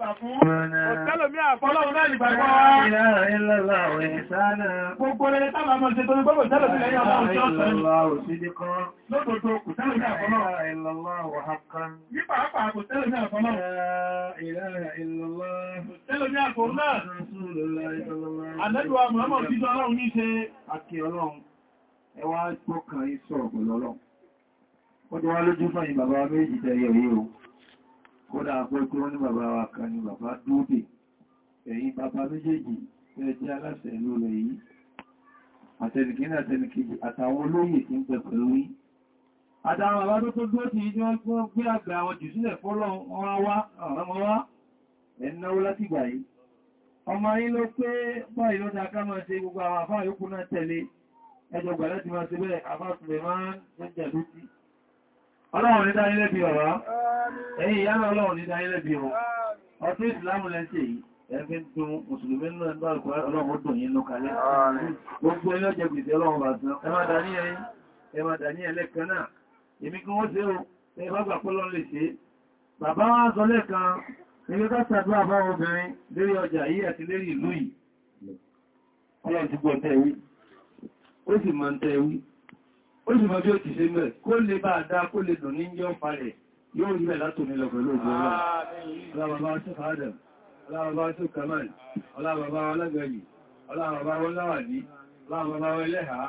gbà fún òtẹ́lòmí àfọ́lọ́run náà ìgbàgbọ́ wa gbogbo rẹ̀ tábà mọ́ ṣe tó ní gbogbo Ẹwà gbọ́kàn ìṣọ́ ọ̀pọ̀lọ́lọ́. Ó jọ wá lójú fún ìbàbá méjì o. kódà àpẹẹkú wọn ní bàbá wa kan ní bàbá dúdè ẹ̀yìn bàbá méjèèjì fẹ́ jẹ́ aláṣẹ ìlú rẹ̀ yìí àtẹnìkínà àtẹnìkejì àtàwọn olóyè tí ń pẹ pẹ̀lú yí àtàwọn bàbá tó tó dúró ti ìjọ fún gbé àgbà àwọn jù sílẹ̀ fọ́lọ́ ẹ̀náwó láti gbà yìí ọmọ yìí ló pé báyìí ló dá ká máa ṣe gbogbo àwọn àfáà yóò kú ọlọ́run ní dáyé lẹ́bí ọ̀rọ̀ ẹ̀yìn ìyá ọlọ́run ní dáyé lẹ́bí ọ̀rọ̀ ọtí ìsìlámù lẹ́sẹ̀ yìí ẹgbẹ́ dùn mùsùlùmí nínú ẹgbẹ́ àlùkọ́ ọlọ́run dùn yín ló kalẹ̀ gbogbo ẹni ọjẹ́ gbèsè ọlọ́run bá tán ẹ má dání ẹ ẹ má dání ẹ lẹ́kan náà èmi kí wọ́n ṣe o ẹ bá gbà pọ́ lọ́n lè ṣe bàbá wa sọ lẹ́kan ilé ká ṣàdúrà bá obìnrin lérí ọjà yìí àti lérí ìlú ó sì mọ̀ bí ó ti ṣe mẹ́ kó lè bá dá kó lè dùn ní jẹ́ ọ̀pá rẹ̀ yóò rí bẹ̀ látòmí lọ pẹ̀lú ògbò ọlọ́run ọlọ́bàbá tó fàádẹ̀ ọlọ́bàbá kamal ọlọ́bàbá ọlọ́gbẹ̀yì ọlọ́bàbá ọlọ́wàdí ọlọ́bàbá ẹlẹ́ha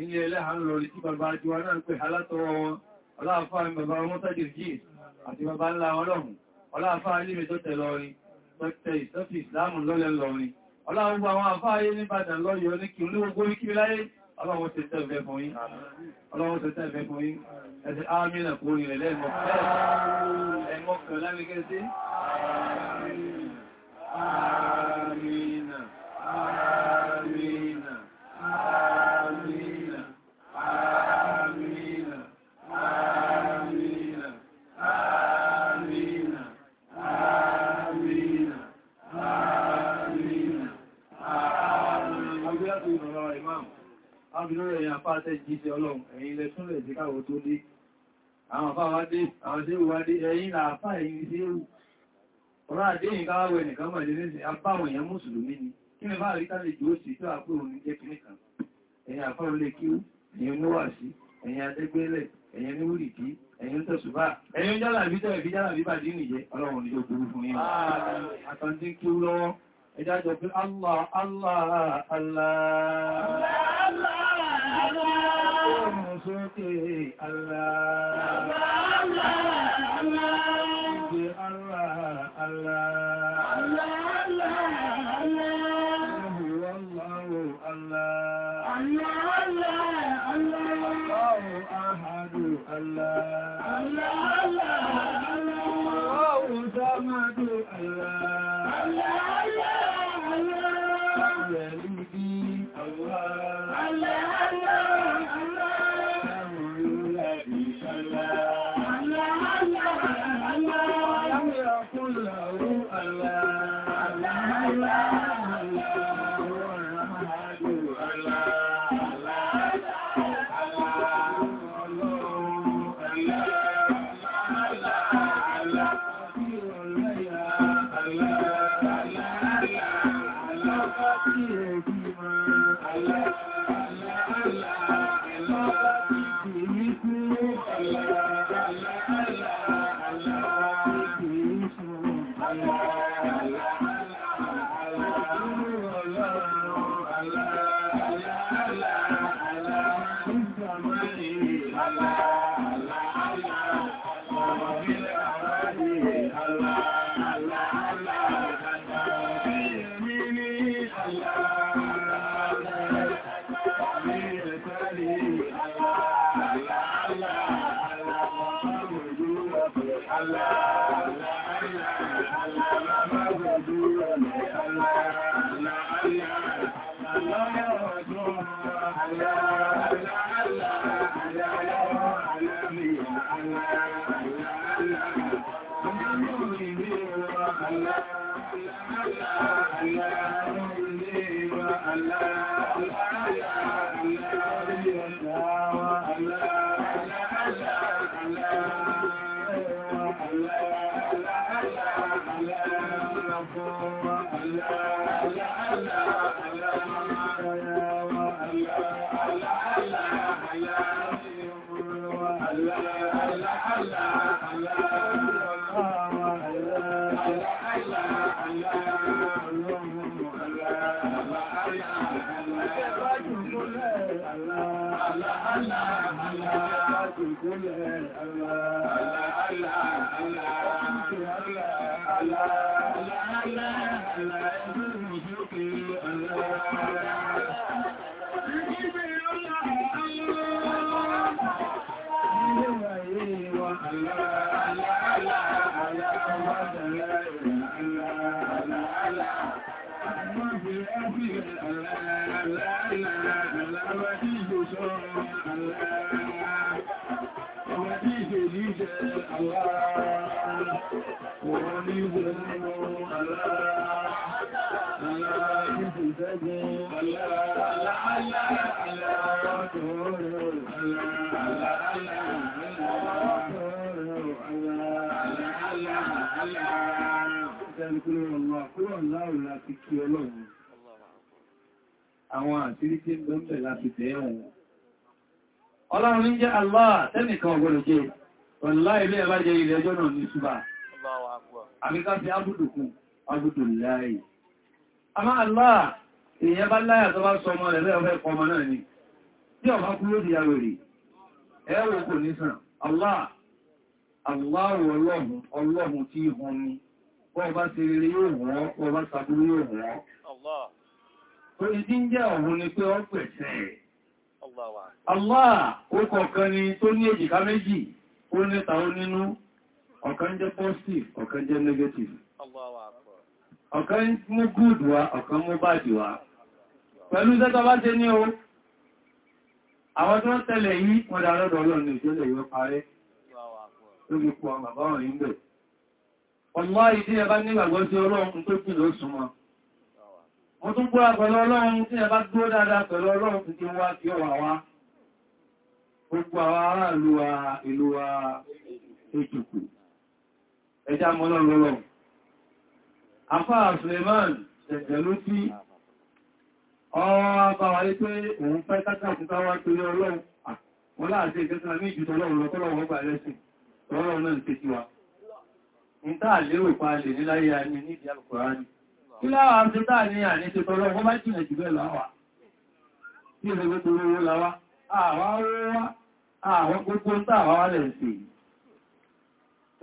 ilé ẹlẹ́ha ń lọrí tí bàbá tí wọ́n náà ń pè alátọwọ́ wọn ọlọ́fà bàbá mọ́tàdìrìjì àti bàbá ńlá ọlọ́run ọlọ́fà ilé tó tẹ̀ lọrin tọ́tẹ̀ ìsọ́fì ìsìlámù lọ́lẹ̀ lọrin ọlọ́run gbogbo àwọn àfáà ayé níbàdàn lọ́yọ́ ní kí olówó gómìnkí láyé Ọlọ́run ti tẹ́ẹ̀fẹ́ fún yín. Ọlọ́run ti tẹ́ẹ̀fẹ́ fún yín. Ẹ̀sẹ̀ ámìnà kò rí rẹ̀ lẹ́mọ̀. Ẹ̀mọ́kàn láríkẹ́ sí. Àmìnà. Àmìnà. Àmìnà. tẹ́ jíṣẹ́ ọlọ́run ẹ̀yin ilẹ̀ súnlẹ̀ sí káwọ tó dé àwọn afá àwọn tí ó wá dé ẹ̀yin là àfá ẹ̀yin sí ewu ọ̀rọ̀ káwàwẹ̀ nìkan mọ̀ lẹ́lẹ́sìn abáwọn èèyàn mùsùlùmí ni kí ni rí tàbí jù ó sì tó àpò òní jẹ́ kìíní kan ẹ̀yin àfá kí ó ẹ̀yin oníwàásí ẹ̀yin adẹ́gbẹ́lẹ̀ ẹ̀yin oníwùrìkí ẹ̀yin tẹ̀sùbá ẹ̀yin jálàbí tẹ̀rẹ̀ fi jálàbí bà dín nìyẹ ọlọ́run ní ó burú fún yín àtàndín kí ó lọ́wọ́ ẹjájọ pé Allah Allah Allah ألا Allahu Allah. Àwọn àtírí tí ń gbọ́nbẹ̀ láti tẹ́ ẹ̀wọ̀n. Ọlọ́run ní jẹ́ Allah tẹ́nìkan ọgbọ̀rọ̀ jẹ́, ọ̀lá ilé ẹbá jẹ́ ilẹ̀ ẹjọ́ náà ní ṣúbà. àbíká sí abúdùkún abúdù láì àmá aláà èèyàn bá láyà tó bá sọ ọmọ rẹ̀ lẹ́ọ̀fẹ́ ọmọ náà ni tí ọba kú ló ya àwèrè ẹ̀wọ̀ kò ní sàn aláà aláàwọ̀ ọlọ́hun ọlọ́hun tí Allah, ni méjì, ọ̀kan jẹ́ positive ọ̀kan jẹ́ negative ọ̀kan mú good wa ọ̀kan mú bad wa pẹ̀lú tẹ́tọ́ bá jẹ́ ní o àwọn tó ń tẹ́lẹ̀ yìí wọ́n dá lọ́dọ̀ ọlọ́run ìjọ́lẹ̀ ìwọ́ parẹ́ lórí pọ̀ bàbá wọn yìí bẹ̀ ọ̀nà ìdí ẹbá nígbàgbọ́ sí ọlọ́run tó kí ló súnmọ́ mo tún gbọ́ra pẹ̀lú ọlọ́run tí ẹbá dúró dáadáa pẹ̀lú ọlọ́run tí kí wá kí ọwà wá gbogbo àwọn aráàlú wa ìlú wa ètùkù ẹjá mọ́lọ́rọ̀lọ́ afá Suleiman ṣẹ̀jẹ̀lú tí ọwọ́ bá wáyé pé òun pẹ́ tátà ti táwà torí ọlọ́run wọ́n láàáṣẹ́ ìkẹta ní ìjútọ́ ọlọ́run lọ́kọ́lọ́wọ́ gbà lẹ́sìn ọlọ́run náà ti ti wa ní táà lérò pa lè níláyé a ní nídìí alùkùránì kí láwà ń ṣe táà ní àníṣe tọ́lọ́ wọ́n bá jìnà jù bẹ́ẹ̀ láwà tí ìṣẹ́gbẹ́ tó lówó láwá àwọn owó wá àwọn gbogbo táà wá lẹ̀ sí yìí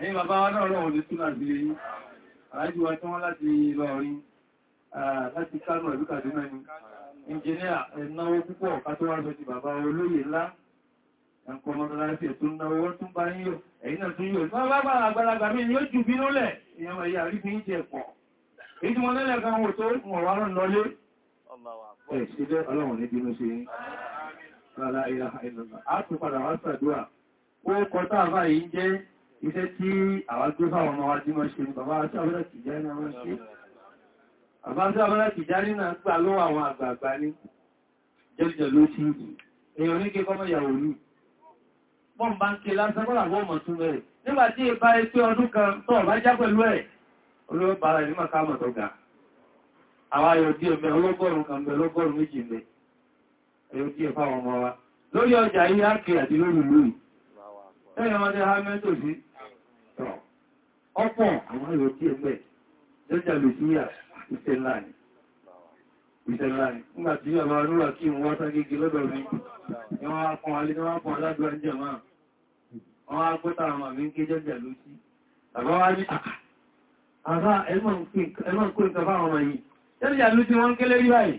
ẹ̀yìn bàbá wa náà lọ́wọ́ ní túnà sí lẹ́yìn àájú wa tí wọ́n láti lọ rí láti kánù ẹ̀lú kàdúnà ni ìjìnlẹ̀ ẹ̀náwó púpọ̀ kátọ́wàsọ ti bàbá olóyè ńlá ẹ̀kọ́ mọ́tàláṣì ẹ̀tún náwó wọ́n tún bá yíyọ̀ ẹ̀yìn náà tún yíò bàbá àgbàlagbà mi ni ó jù bínú lẹ̀ ìyẹn ẹ̀yà rí fi ń jẹ pọ̀ èyí tí wọ́n lẹ́lẹ̀ kan wò tó wọ̀n wá rán lọlé ẹ̀ sílẹ̀ ọlọ́run ní bínú ṣe rárá ìlànà àtúpadà wá sàdúrà ó kọtá àbá yìí jẹ́ iṣẹ́ tí àwágbé fáwọn ọmọ wájú mọ́ ṣe bàbá sábẹ́rẹ̀ tìjárí náà wọ́n ṣe bàbá sábẹ́rẹ̀ tìjárí náà gbà lọ́wọ́ àwọn àgbààgbà ní jẹ́jẹ̀ ló ti èèyàn ní kí kọ́mọ ìyàwó ní wọ́n bá ń ké lásánbọ́là wọ́n mọ̀ tún bẹ̀rẹ̀ nígbà tí ẹ bá ẹgbẹ́ ọdún kan tó ọ̀bá já pẹ̀lú ẹ̀ olóòpá ara ìlú màkà mọ̀ tó ga àwọn ayọ̀ díẹ̀ mẹ́ ọlọ́gọ́rùn kan bẹ ọlọ́gọ́rùn méjì mẹ́ ayọ̀ díẹ̀ fáwọn ọmọ wa lórí ọjà yìí á kè àti lórí lórí ẹ̀yàn ọdẹ ha mẹ́tò sí ọ̀pọ̀ àwọn èrò tí ẹgbẹ́ lẹ́jà lè sí ìṣẹ́lá ni nígbà tí àwọn arúwà kí wọ́n wọ́ta gígí lọ́dọ̀ mi wọ́n á pọn alẹ́ wọ́n á pọn aládùá jẹ́ máa wọ́n á gbọ́ta àwọn àmì ń ké jẹ́jà ló sí àbá wá ní àbá ẹmọ́ kó nǹkan bá wọn yìí jẹ́jà ló sí wọ́n kélé rí báyìí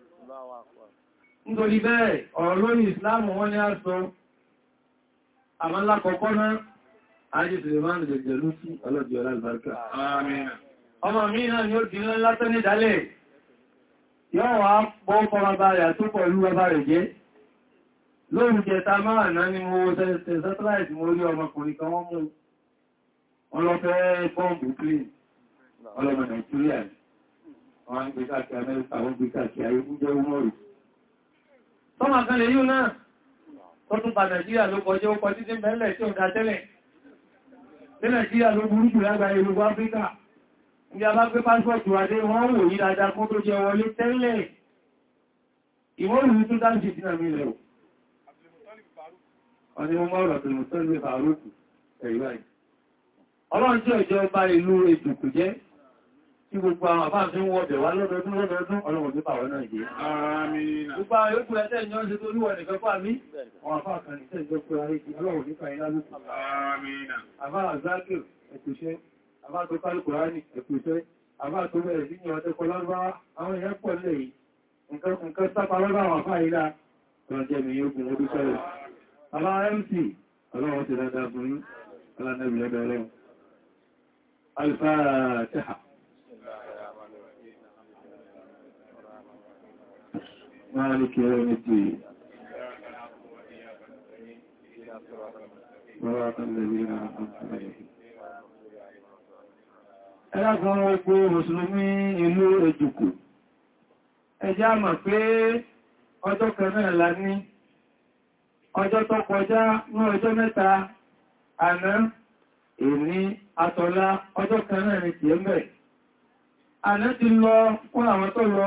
nítorí bẹ́ẹ̀ ọ̀rọ̀ lórí ìsìláàmù wọ́n ní a sọ àmọ́lákọ̀ọ́kọ́ náà ajé Suleiman jẹjẹrú sí ọlọ́dí ọlá albarka ọmọ mi náà ni ó di lọ látọ́ ní ìdálẹ̀ yóò wá pọ́ kọmọba rẹ̀ tó pọ̀lú ọba rẹ̀ jẹ́ lóòrùn jẹta máa náà ni mo tẹ́sẹ̀ sátáláìtì mo rí ọmọkùnrin kan wọ́n mú bọ́m̀bù clean ọlọ́mọ Nàìjíríà wọ́n ń gbé káàkiri Amẹ́ríkà gbé káàkiri ayé Tọ́mà kanlẹ̀ yíò náà, ó tún bà Nàìjíríà ló kọjẹ́ ó kọjí tí mẹ́lẹ̀ tí ó dá tẹ́lẹ̀. Ní Nàìjíríà ló burú jù lágbàáyé gbogbo Áfríkà. Ní a bá gbé pásọ̀tù adé wọ́n wò yí dáadáa kó tó jẹ wọlé tẹ́lẹ̀. Ìwọ́n ìlú tó dájú sí àmì ilẹ̀ o. Ọdí mo mọ́rọ̀ tó mọ̀ tó ń gbé Fàárùkù, ẹ̀yọ́ tí gbogbo àwọn àbá fi ń wọ́bẹ̀ wá lọ́dọọdún lọ́dọọdún ọlọ́run ní pàwọn náà yìí. Gbogbo àwọn yóò pẹ̀lẹ́ tẹ́ ìyọ́n ṣe tó lúwọ̀ nìkan pà mí, àwọn àfáà kan ní tẹ́ ìjọ pé ayé ti ọlọ́run nípa ìlá lókù. Àbá àzágbè ẹ̀kùṣẹ́, àbá tó kálùkùránì ẹ̀kùṣẹ́, àbá tó bẹ̀rẹ̀ sí ìyàn ọ̀tẹ́kọ lọ́rọ̀ àwọn ìyẹn pọ̀ lẹ̀ yìí, nǹkan sápa lọ́rọ̀ àwọn àfáà ilá, ọ̀rọ̀ jẹ́ mi yóò gùn ó dúkọ́ rẹ̀. Àbá MC, ọlọ́run ti dáadáa fún مالك يوم الدين صراط الذين أنعمت عليهم Ẹlẹ́gbọ́n epo Mùsùlùmí ìlú Èjìkò. Ẹjá mọ̀ pé ọjọ́ kẹrẹ là ní ọjọ́ tó kọjá ní ọjọ́ mẹ́ta àná èní àtọ̀lá ọjọ́ kẹrẹ rìn kìí mẹ́. Àná ti lọ kún àwọn tó lọ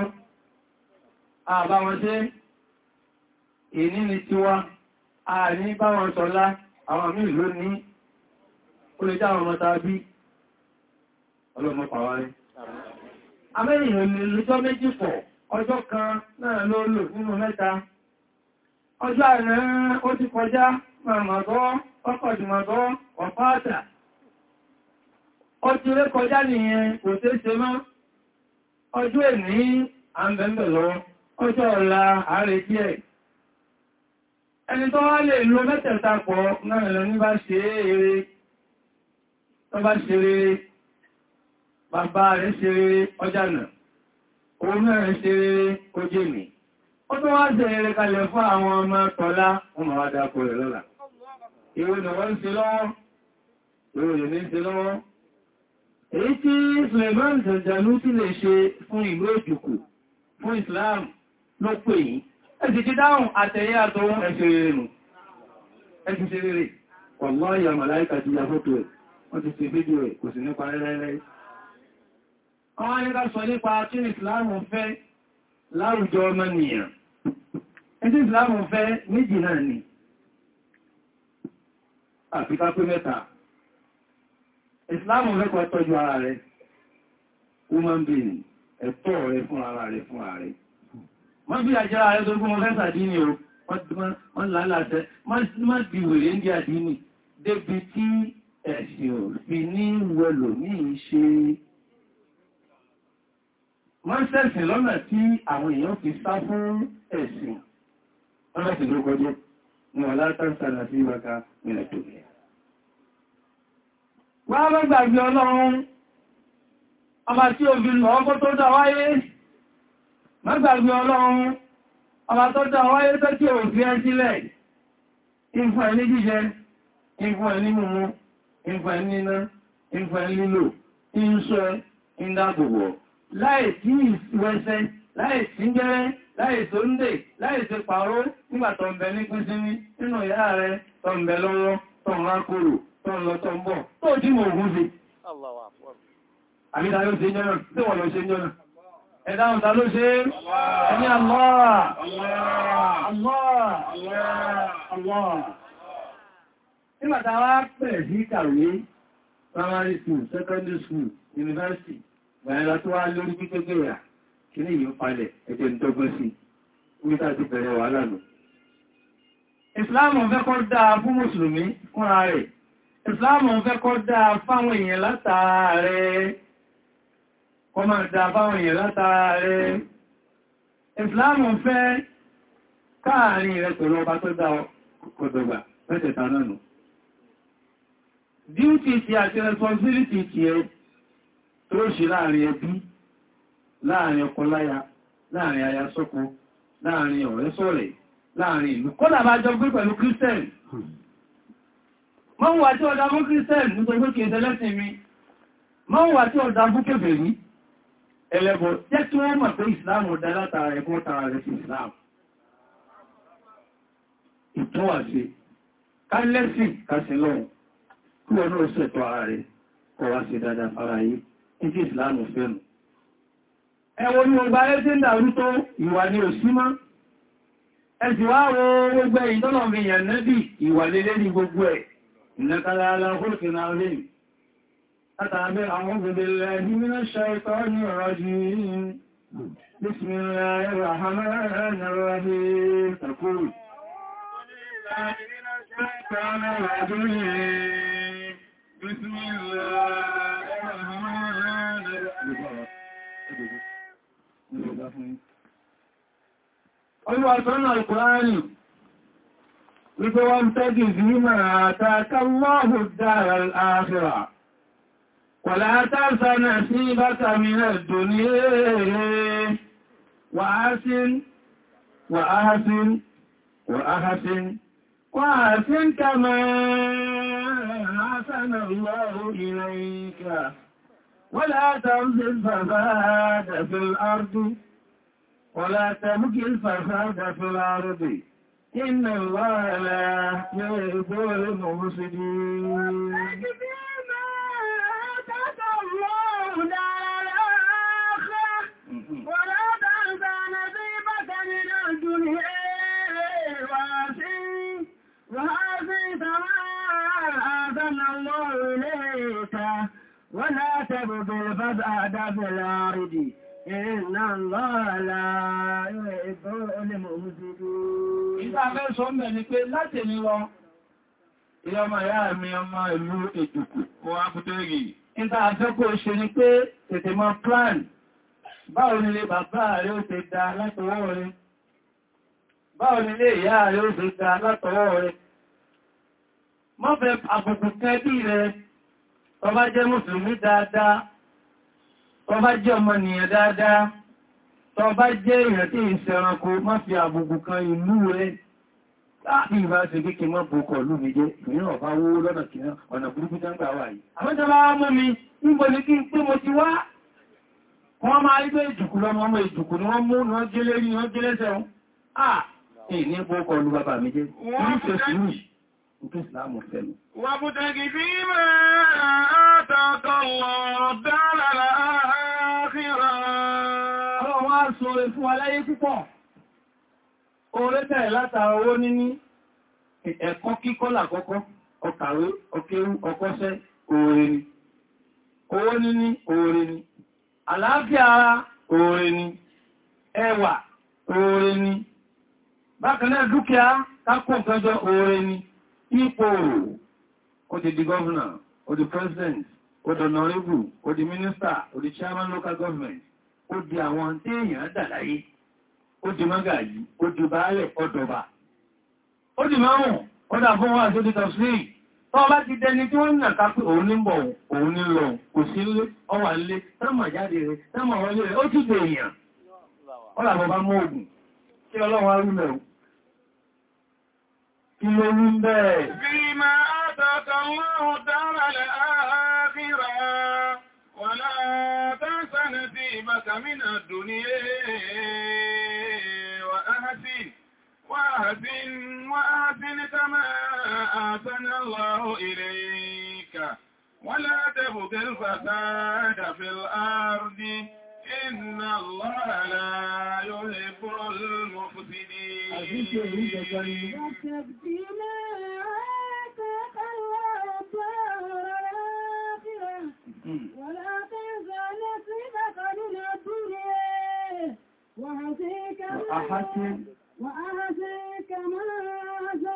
àbá wọn ṣe ìní ni tiwa àní bá wọn sọlá àwọn míì ló ní ó lè dáwọn ọmọ tàbí ọlọ́mọ pàwárí amẹ́rìnrìn lójọ́ méjì pọ̀ ọjọ́ kan náà ló lò nínú mẹ́ta ọjọ́ àrẹ ó ti kọjá màmàgọ́ ọkọ̀dùmàgọ́ ọ̀páàtà ó ti ré kọjá nìyẹn kò tẹ́ lọ́wọ́ ọjọ́ ọ̀la ààrẹ díẹ̀. ẹni tó wá lè lo mẹ́tẹ̀ẹ̀ta pọ̀ náà lọ ní bá ṣe eré tó bá ṣe rere bàbá rẹ̀ ṣe rere ọjànà òun náà rẹ̀ ṣe rere ojú mi ó tó wá ṣe eré kalẹ̀ fún àwọn ọmọ tọ́lá èyí tí Suleiman Zanjanuti lè ṣe fún ìlú Èjìkù fún Islam ló pè yìí ẹ̀sì ti dáhùn àtẹ̀yẹ àtọwọ́ ẹ̀sì rere nù ẹ̀sì ti rere ọ̀gbọ́n ìyà màláìkà ti ya fọ́tò ẹ̀ wọ́n ti ṣe fídíò ẹ̀ kò sí nípa rẹ́rẹ́rẹ́ àwọn ní ká sọ nípa kí ní ìsìláàmù fẹ́ láwùjọ ọmọnìyàn ẹ̀sì ìsìláàmù fẹ́ méjì náà ni àfikà pé mẹ́ta ìsìláàmù fẹ́ kọ́ tọ́jú ara rẹ̀ human being ẹ̀tọ́ rẹ̀ fún ara rẹ̀ fún ara wọ́n bí àjẹ́ra rẹ̀ tó gún wọn fẹ́sà dí ní o wọ́n lálàtẹ́ má di wèrè ń di àdínì débi tí ẹ̀sìn ò fi ní wọlò ní ìṣe wọ́n sẹ́sìn lọ́nà tí àwọn èèyàn fi sá fún ẹ̀sìn wọ́n láti ló kọjọ́ wọn látàntàrà sí ìwàká nílẹ̀ tó rẹ̀ wọ́n á mẹ́gbàgbé ọlọ́run ọba tí obìnrin ọkọ́ tó dá wáyé Mọ́gbàgbé ọlọ́run, ọba tó dá wáyé tó kí o fi ẹ́ sílẹ̀, ìfún ẹni jíjẹ, ìfún ẹni múmú, ìfún ẹni níná, ìfún ẹni lílò, ìṣọ́ ìdágbògbò, láì tí ìwẹ́sẹ́, láì tí gẹ́rẹ́, láì tó ń dè, láì tó pàró nígbà tọ̀m̀bẹ̀ ní kú sí nínú ẹ̀dáhùn ta ló ṣe ẹni Allah Allah Allah nígbàtà wá pẹ̀ sí kàwé primary school secondary school university gbàyànlá tó wá lórí pípẹ́gbẹ̀ rà kí ní ìyó palẹ̀ ẹgbẹ̀ ìdọ́gbọ́n sí wíta ti bẹ̀rẹ̀ wà lánàá ìsìláàmù fẹ́ fẹ́ kọ máa dá fáwọn èèyàn látara rẹ̀ ìsìláàmù fẹ́ káàrin rẹ̀ pẹ̀lú ọba tó dá kọ̀dọ̀gbà mẹ́tẹ̀ta náà nù duty ti àti responsibility ti ẹ tó ṣe láàrin ẹbí láàrin ọkọ láya láàrin aya sọ́kọ láàrin ọ̀rẹ́ sọ̀rẹ́ láàrin ìlú kọ́lá bá jọ gbé pẹ̀lú christian mọ́wàá tí ọ̀dá fún christian nítorí pé kìí tẹ́lẹ́sìn mi mọ́wàá tí ẹlẹ́bọ̀ jẹ́ kí wọ́n mọ̀ pé ìsìláàmù ọ̀dá látara ẹ̀kọ́ tara rẹ̀ sí ìsìláàmù ìtọ́wàṣe ká lẹ́sìn kásìn lọ́wọ́ kí wọ́n náà sẹ̀tọ̀ ara rẹ̀ kọ́ wá sí dáadáa fara yìí ní tí ìsìláàmù fẹ́nu ẹwọ ní ọgbà ẹsẹ̀ ń dàrú tó ìwà ní òsímá ẹsì wá wo gbogbo ìtọ́nà mi yàn nẹ́bì ìwà lélẹ́ni gbogbo ẹ̀ ìnàkàlà aláhùn kìnnà rìn أتعبر أعوذ بالله من الشيطان الرجيم بسم الله الرحمن الرحيم تقول أعوذ بالله من الشيطان الرجيم بسم الله الرحمن الرحيم أعوذ بالله القرآن لتوان تجزي ما أتاك الله الدار الآخرة ولا تنسى نصيبك من الدنيا وأحسن وأحسن وأحسن وأحسن كما أحسن الله إليك ولا تمز الفساد في الأرض ولا تبكي الفساد في الأرض إن الله لا يهدي المفسدين وهذه سواء آذن الله إليك ولا تبغي الفساد في الأرض إن الله لا يحب المفسدين Ìgbà fẹ́ sọ mẹ́ ni pé láti ní lọ, ìyọmọ ìyá mi ọmọ ìlú Èjìkú, wọ́n á kútó rí. Ìgbà fẹ́ kó ṣe ni pé tètè mọ plan, báwo nílé bàbá rẹ̀ ó ti dá látọwọ́ rẹ̀, báwo nílé ìyá rẹ̀ ó ti dá látọwọ́ rẹ̀ má fẹ́ àbùkù kẹ́bí rẹ̀ ọba jẹ́ mùsùlùmí dáadáa ọba jẹ́ ọmọnìyàn dáadáa ọba jẹ́ èèyàn tí ìṣẹ̀ranko má fi àbùkù kan ìlú rẹ̀ láàrin ìbá ṣe bí kí mọ́ bókọ̀ lú mi jẹ́ ìrìn ọ̀fá owó lọ́nà kìíná ọ̀nà burúkú tán gbà wáyé. àmọ́jọba mọ́ mi ń bọ̀ ní kí n pé mo ti wá wọ́n máa rí pé ìjùkú lọ́mọ ọmọ ìjùkú ni wọ́n mú ní Òkú ìsìláàmù fẹ́nu. Wà bùtẹ̀kì bí máa àtàtọ̀ lọ dálára àáfíra. Ọlọ́run wá sọ fún aláyé púpọ̀. Oore tẹ̀ látara owó níní, oore ni. Àlàáfíà ara, oore ni. Ẹwà, oore ni. Bákan dúkìá, kákùn kan oore ni. ipò ó ti di gọ́ọ̀nà ó di president ó di honorable di minister di chairman local government ó di àwọn tí èèyàn dà láyé di mágàjí ó di baálẹ̀ ọdọ̀bà ó di márùn ọdá fún wá sí ó di tafsir tọ́wọ́ bá ti dẹni tí wọ́n ń nàká pé òun ní o òun ní lọ kò sí lé ọwà lé tọ́mà jáde rẹ̀ tọ́mà wọlé Kí ló wí bẹ́ẹ̀? Bí máa àtàkà lọ́rùn dára lẹ́ ààfíra, wà látàṣà ní ti ìbàkàmínà dùnìyẹ, wà áhásí, wà áhásí, wà إن الله لا يحب المفسدين تبديلا آتاك الله الدار الآخرة ولا تنسى نصيبك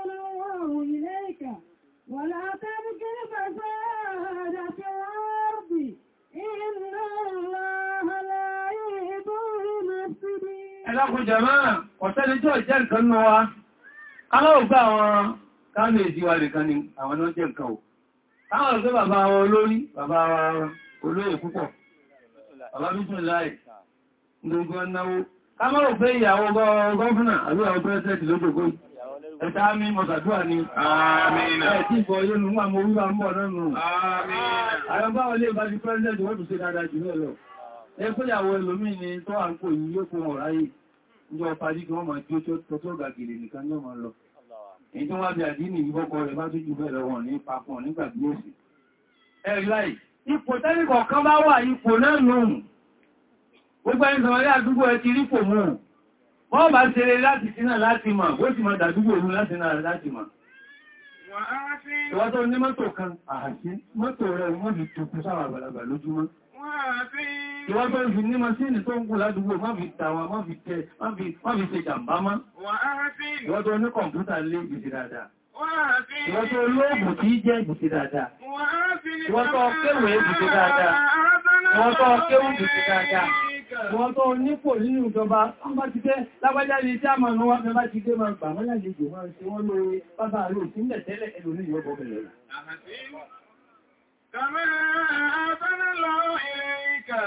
الله إليك ولا تبقي الفساد في الأرض إن الله ẹlọ́kùn jẹmáà ọ̀sẹ́ni tí ó jẹ́ nǹkan náà wá aláògbà àwọn káàmì ìdíwà nìkan ni àwọn náà jẹ́ nǹkan ò káwọn ọ̀sẹ́ bàbá wọn olórí bàbá olóyè púpọ̀ bàbá bísùn láì gbogbo náwó káwọn ògbé ìyàwó gọ́ọ̀fúnà àbí àwọn pẹ́sẹ̀tì lójòkó ẹ̀ta mi mọ̀sàdúwà ni àmín ẹ̀tí ìfọ̀ yóò nù mú àmọ́ orí ẹgbẹ́yàwó ẹlòmí ni tó à ń kò yí yóò fún ọ̀ráyé ní ọpa jí kí wọ́n máa jí ó tó gàgìrì nìkan ní ọmọ lọ èyí tó wá bí àdínì ìwọ́kọ rẹ̀ bá tó jù bẹ̀rẹ̀ wọn ní papọ̀ nígbà bí ó sì ẹ̀láì ipò tẹ́lìkọ̀ kan bá wà ipò náà lóhùn gbogbo ẹni sọmọlé àdúgbò ẹ ti rí pò mú wọ́n bá ṣeré láti sínà láti mà ó sì máa dàdúgbò òun láti náà láti mà ìwọ́n tó ní mọ́tò kan àhàṣí mọ́tò rẹ̀ wọ́n fi tòkú sáwà àgbàlagbà Ìwọ́n tó ń fi ní masíìnì tó ń kú ládùúgbò má fi tàwà, má fi tẹ, má fi ṣe jàmbá má. Ìwọ́n tó ní kọ̀m̀pútà lé gbèsè dáadáa. Ìwọ́n tó lóògùn tí jẹ́ gbèsè dáadáa. Ìwọ́n tó kéwèé gbèsè dáadáa. Ìwọ́n tó kéwèé gbèsè dáadáa. Ìwọ́n tó nípò nínú ìjọba, wọ́n ti tẹ́ lágbájá tí a máa ń wá bá ti dé máa gbà wọ́n lálejò máa ṣe wọ́n lóore bábá àlò ìpínlẹ̀ tẹ́lẹ̀ ẹlòmí ìyọ́bọ̀ bẹ̀rẹ̀. Kàmẹ́rẹ́ àbẹ́rẹ́ lọ ilẹ̀ ìkà.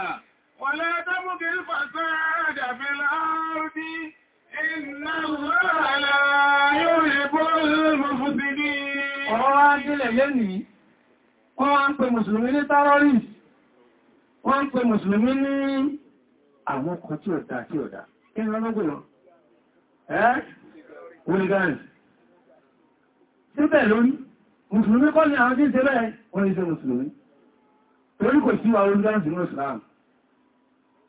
ولا تبغ الفساد في الأرض إن الله لا يحب المفسدين ọ̀rọ̀ ajílẹ̀ lẹ́nìí wọ́n wá ń pè mùsùlùmí ní terrorist wọ́n ń pè mùsùlùmí ní àwọn kan tí ọ̀dá tí ọ̀dá kí ni ọlọ́gbẹ̀ lọ ẹ́ hooligans síbẹ̀ lórí mùsùlùmí kọ́ ni àwọn tí bẹ́ẹ̀ wọ́n ń ṣe mùsùlùmí torí kò sí wa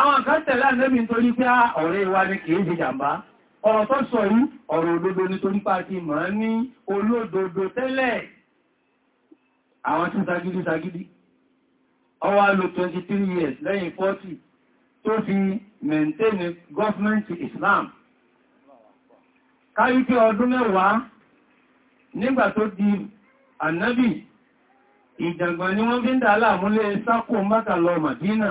àwọn kan tẹ̀lé ànẹ́bì nítorí pé ah, ọ̀rẹ́ wa ní kìí jẹ jàmbá ọ̀rọ̀ tó sọ yìí ọ̀rọ̀ òdodo nítorí pàtí mọ̀ ní olódodo tẹ́lẹ̀ àwọn tí sagidi sagidi ó wá 23 years lẹ́yìn 40 tó fi maintain government Islam káyí pé ọdún mẹ́wàá nígbà tó di ànẹ́bì ìjàngbọ̀n ni wọ́n bí ń dà láàmúlé sákò mọ́kànlọ́ Màdínà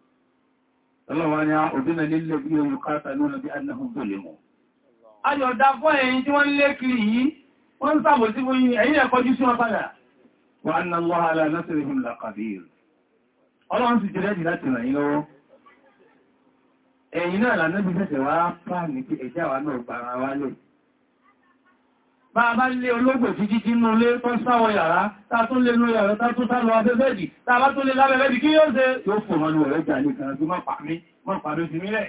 Ọlọ́wọ́ ni a òdínà nílẹ̀ bí i olùkátà lónà bí annahum zulimu. Ayọ̀dá fún ẹ̀yìn tí wọ́n lé kiri yìí, wọ́n sàbò sí fún ẹ̀yìn ẹ̀kọjú sí wọn padà. Wa anna Allaha ala nasrihim laqadir. bá bá lé olóògbè fi jíjí ní olé tó sáwọ yàrá tàtún lé ní yàrá tàtún sálọ abẹ́bẹ́dì tàbá tún lé lábẹ́bẹ́dì kí yóò ṣe yóò fò wọn lò rẹ̀ jà ní kan tó mọ́ pàmí sí mílẹ̀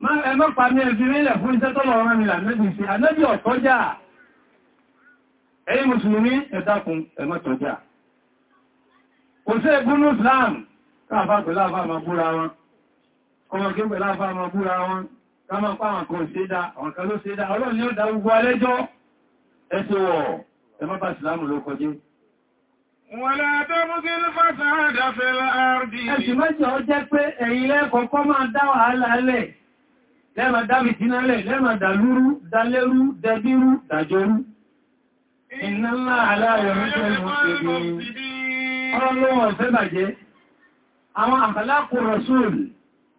mọ́ pàmí ẹ̀fí mílẹ̀ fún iṣẹ́ tọ́lọ̀ ọ̀rọ̀ mi là mẹ́bí sí anẹ́bí ọ̀tọ́jà ẹ̀yin mùsùlùmí ẹ dákun ẹ má tọ́jà kò sí ẹgbún Islam káàfà pẹ̀lú àfà Kama káàmà pàwọn kan ṣédá àwọn kan ló ṣédá ọlọ́run ni ó dá gbogbo alẹ́jọ́ ẹsẹ̀ wọ̀ ẹmá bá ìsìlámù ló kọjé Wọ́lá tó mú sí ló fásàádà fẹ́lá àrùdí. Ẹ̀sì méjì ọ jẹ́ pé ẹ̀yìn lẹ́kọ̀ọ́kọ́ máa dá wàhálà lẹ̀, lẹ́mà dábì sínà lẹ̀, lẹ́mà dàlúrú, dalẹ́rú, dẹbírú, dàjọrú. Iná ńlá aláàrẹ̀ mú tẹ́lú ọ̀sẹ̀ bàjẹ́. Àwọn àkàlákù Rasúlù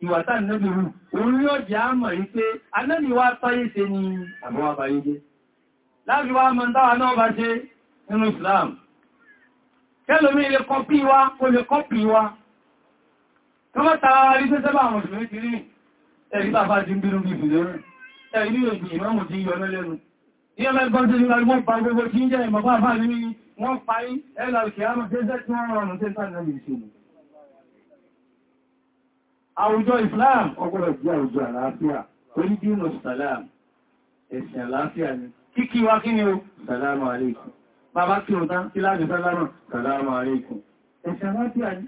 ìwàtà nẹ́bìrú orí ọjà àmọ̀ rí pé anẹ́bì wá táyé ṣe ni àbúwá báyé jẹ́ láti wá mọ́ dáwà náà bá jẹ́ nínú Islam kẹ́lòmí ilẹ̀ kọpí wá kò lè kọpí wá tó mọ́ tàà wá rí pé sẹ́bà àwọn òṣèré ti rí ẹ̀rí bàbá jí ń bínú bíbì lẹ́rùn ẹ̀rí àwùjọ Islam ọgbọ́dọ̀ jẹ́ àwùjọ àlàáfíà orí dínú salam ẹ̀sìn àlàáfíà ni kíkí wá kí ni o salamu alaikum bàbá kí o tán kí láti salamu salamu alaikum ẹ̀sìn àlàáfíà ni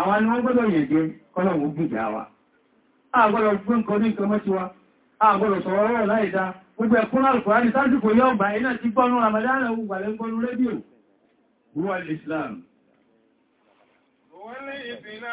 àwọn ni wọ́n gbọ́dọ̀ yẹ̀gẹ́ kọ́lọ̀wọ́ gbìjà wa àgbọ́dọ̀ gbọ́n kan ní nǹkan mọ́tí wa àgbọ́dọ̀ sọ̀rọ̀ ọ̀rọ̀ láìdá gbogbo ẹ̀kún alkùnrin sáájú kò yọ ọgbà iná ti gbọ́nú Ramadan ẹ̀wù gbàlẹ́ gbọ́nú rédíò Ruwa Islam. ìfìnà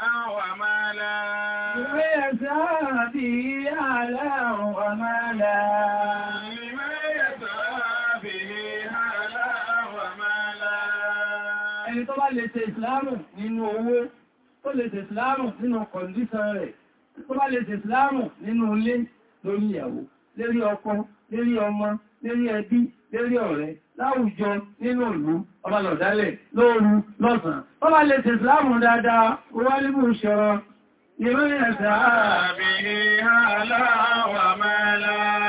ومالا لما به أعلى ومالا لما يسعى به أعلى ومالا ẹni tó bá lè ṣe ìsìláàmù nínú owó tó lè ṣe ìsìláàmù nínú kọ̀ndíṣàn rẹ̀ tó bá lè ṣe ìsìláàmù nínú ilé lórí ìyàwó lérí ọkọ lérí ọmọ lérí ẹbí lérí ọ̀rẹ́ láwùjọ nínú ìlú ọba lọ̀dálẹ̀ lọ́sàn. Ó bá lè ṣe ìsìláàmù dáadáa, ó wá níbù ṣọ́rọ̀ يسعى به هلا وملا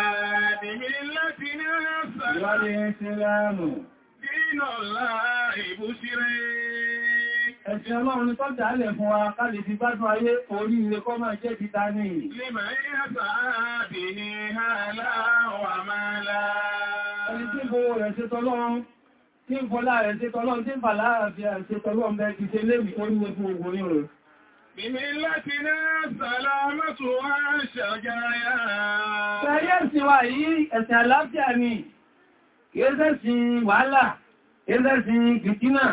به التي نسى والإسلام دين الله بشري Ẹ̀sìn ọlọ́run ni tọ́jà alẹ̀ fún wa kálì ti gbádùn ayé orí ilé kọ́ máa jẹ́ ti ta ní. Lèmọ̀ ìyàtà àbì ní aláwà máa láà. Ẹni tí gbogbo rẹ̀ ṣe tọ́lọ́run, tí ń fọ́lá rẹ̀ ṣe tọ́lọ́run, tí ń bà Bìmílátínà sàlámàtù wá ṣàgáyà. Ṣẹ́yẹ́sì wà yìí ẹ̀sìn àlàáfíà ni, kìí ṣẹ̀sìn wàhálà, kìí ṣẹ̀sìn kìtínà,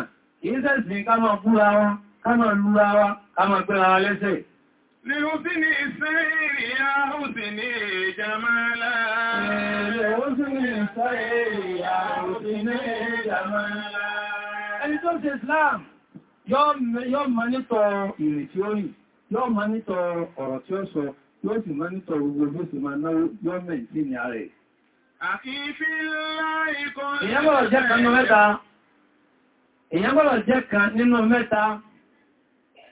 kìí ṣẹ̀sìn ká máa fúra wa, ká máa lúra wa, ká máa pẹ́ra wa lẹ́sẹ̀. ó sí ní ìsẹ́ ìrìyà ó sì ní ìjàmálà. Ẹni tó ṣe Islam, yọ mọ́nítọ̀ ìrìn tí ó rìn yóò mọ́nítọ̀ ọ̀rọ̀ tí ó sọ mọ́nítọ̀ gbogbo bí ó sì máa náwó yóò mẹ́ǹtí ni ààrẹ èyàn gbọ́dọ̀ jẹ́ kan nínú mẹ́ta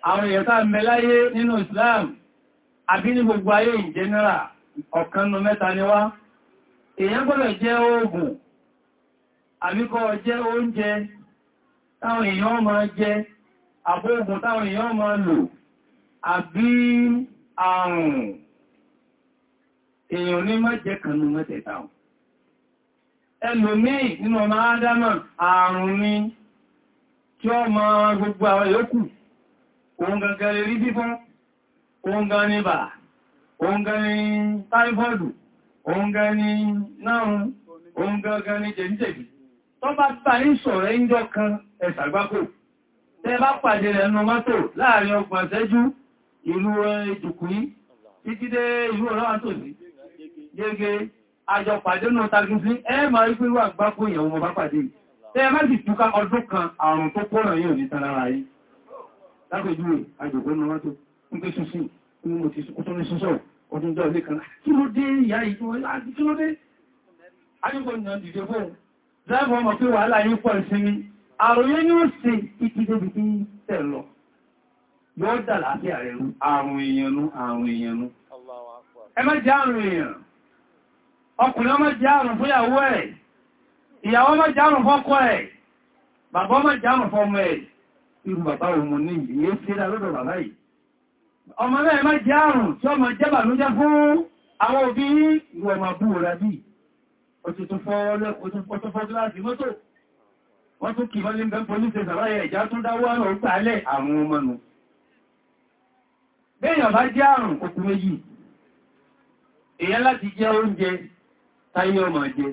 àwọn èyàn tá mẹ́láyé nínú Islam àbí ní gbogbo ayé in general ọ̀kan nínú mẹ́ta ni oúnjẹ táwọn èyàn jẹ́ àbóògùn táwọn èèyàn máa lò àbí àrùn èèyàn ní mẹ́jẹ kanú mẹ́tẹ̀ẹ̀ta ẹlòmíì nínú ọmọ ádámà àrùn ni tí ó ma gbogbo àwọn yòókù òun gangan lè rí bíbọ́n òun gan ni bà òun gan ni táífọ́ọ̀dù òun gan ni náàrùn òun gangan ni jẹ̀díjẹ̀dí tó bá tàí sọ̀rẹ́ ìjọ kan ẹ̀sàgbákò tẹ́ bá pàdé rẹ̀ nù mọ́tò láàrin ọgbọ̀n ṣẹ́jú ìlú eh, ìtùkúí títí dé ìlú ọlọ́wà tó sí gẹ́gẹ́ àjọ pàdé náà tagisi ẹ ma rí pé wà gbákò ìyàwó ọba pàdé tẹ́ bá sì túká ọdún kan àrùn tó pọ̀rọ̀ yóò ní tàlára yìí lápẹjú àjòkó nù mọ́tò ń pé sísí ní mo ti kútó ní sísọ ọdún jọ ilé kan kí ló dé ìyá ìtò láti kí ló dé àrùn yóò se ìtì tí tẹ̀lọ yóò dà láti ààrẹ àrùn èèyàn àrùn èèyàn ẹ jẹ́ àrùn èèyàn ọkùnrin ọmọ jẹ́ àrùn fún ìyàwó ẹ̀ ìyàwó ọmọ jẹ́ àrùn fọ́kọ ẹ̀ bàbá ọmọ jẹ́ àrùn ẹ̀ irú bàbá ní ìyẹ́ sí lọ́dọ̀ bàbá yìí ọmọ wọ́n tún kí fọ́lé ń bẹ́ políṣẹ́ sàbáyẹ̀ ìjá tún dáwọ́ ọ̀rọ̀ pàálẹ̀ àwọn ọmọ nù bẹ́yàn bá jẹ́ àrùn òkú méjì èyàn láti jẹ oúnjẹ táyé ọmọ jẹ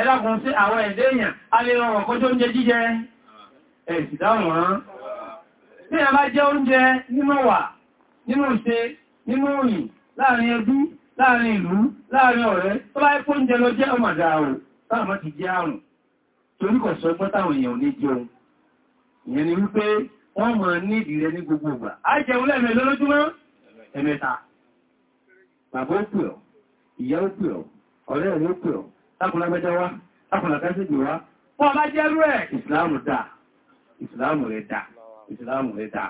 ẹlákùn sí àwọn ẹ̀dẹ́ èyàn alẹ́rọ̀rọ̀ kọjọ́ oúnjẹ jíjẹ ẹ̀sì dáhùn rán bẹ́yàn bá jẹ oúnjẹ nínú wà nínú ìṣe nínú òyìn láàrin ìlú láàrin ọ̀rẹ́ tó bá ẹkọ́ oúnjẹ lọ jẹ́ ọmọ dáhùn táàmọ́ ti jẹ àrùn torí kọ̀ sọ ẹgbọ́n táwọn èèyàn ní jẹun ìyẹn ni wípé wọ́n mọ̀ ní ìdílé ní gbogbo ìgbà a jẹun lẹ́mẹ̀ lọ́lọ́júmọ́ ẹ̀mẹ́ta bàbá ó pè ọ́ ìyá ó pè ọ́ ọ̀rẹ́ rẹ̀ ó pè ọ́ lákùnlágbẹ́já wá lákùnlágbẹ́sẹ̀gbẹ̀ wá wọ́n bá jẹ́rú ẹ̀ ìsìláàmù dà ìsìláàmù rẹ̀ dà ìsìláàmù rẹ̀ dà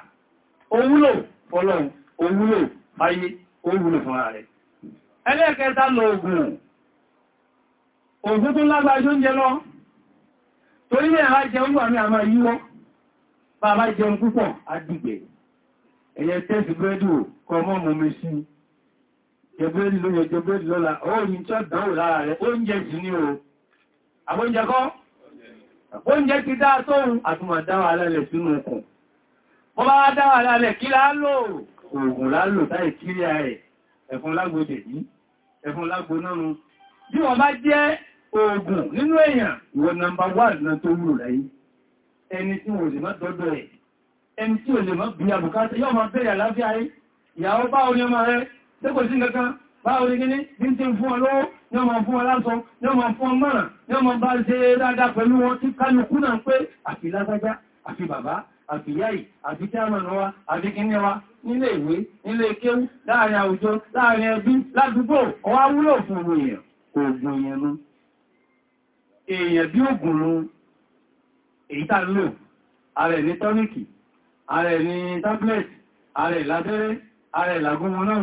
owúlò fọlọ́run owúlò fáyé owúlò fúnra rẹ̀ ẹlẹ́ẹ̀kẹta lọ ògùn ògùn tó lágbàájú ń jẹ lọ torí ní àwá jẹun wà ní àmà yíwọ́ bàbá jẹun púpọ̀ àdìgbẹ̀ ẹ̀yẹ tẹ́sì búrẹ́dì kọ mọ́ mọ́ mi sí jẹbúrẹ́dì ló yẹ jẹbúrẹ́dì lọ́la oòrùn tí ó dánwò lára rẹ̀ oúnjẹ jù ní o àbóúnjẹ kọ́ oúnjẹ ti dá tóhun àtúmọ̀ dáwà alẹ́lẹ̀ sínú ọkùn wọ́n bá dáwà alẹ́lẹ̀ kí lálò oògùn lálò táì kírí ààrẹ ẹ̀fún lágbòdè yìí ẹ̀fún lágbò náà bí wọ́n bá jẹ́ oògùn nínú èèyàn ìwọ nàmbà wà náà tó wúrò láyé ẹni tí wọ́n lè má dọ́dọ̀ ẹ̀ ẹni tí ò lè má bí àbùkátà yọ́ ma bẹ̀rẹ̀ àláfíà rẹ̀ ìyàwó bá orí ọmọ rẹ̀ tẹ́kọ̀ sí kankan bá orí gíní bí tí ń fún ọ lọ́wọ́ ní ọmọ fún aláṣọ ní ọmọ fún ọmọ́nà ní ọmọ bá ṣe dáadáa pẹ̀lú wọn tí kálukú náà pé àfi lágbájá àfi bàbá àfi yáì àfi chairman wa àfi kíní wa nílé ìwé nílé kéwú láàrin àwùjọ láàrin ẹbí ládùúgbò ọwá wúlò fún òun èèyàn kò èèyàn bí ògùnrún èyí tà lò ààrẹ ní tọ́níkì ààrẹ ní tablet ààrẹ ìlàdẹ́rẹ́ ààrẹ ìlàgúnmọ́ náà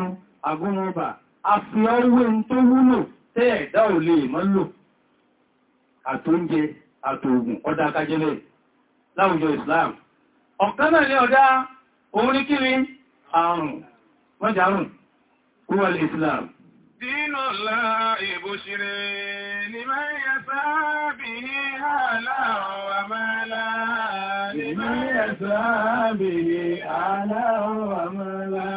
agúnmọ́ ọba àfihànwé tó wúlò tẹ́ ẹ̀dá ò lè mọ́ lò àtóúnjẹ àtòògùn ọdá akájẹ́lẹ̀ láwùjọ Islam ọ̀kan náà ní ọ̀dá orí kiri àrùn mọ́jàrùn kúrò Islam دين الله بشري لمن يسعى به أعلى وملا لمن يسعى به أعلى وملا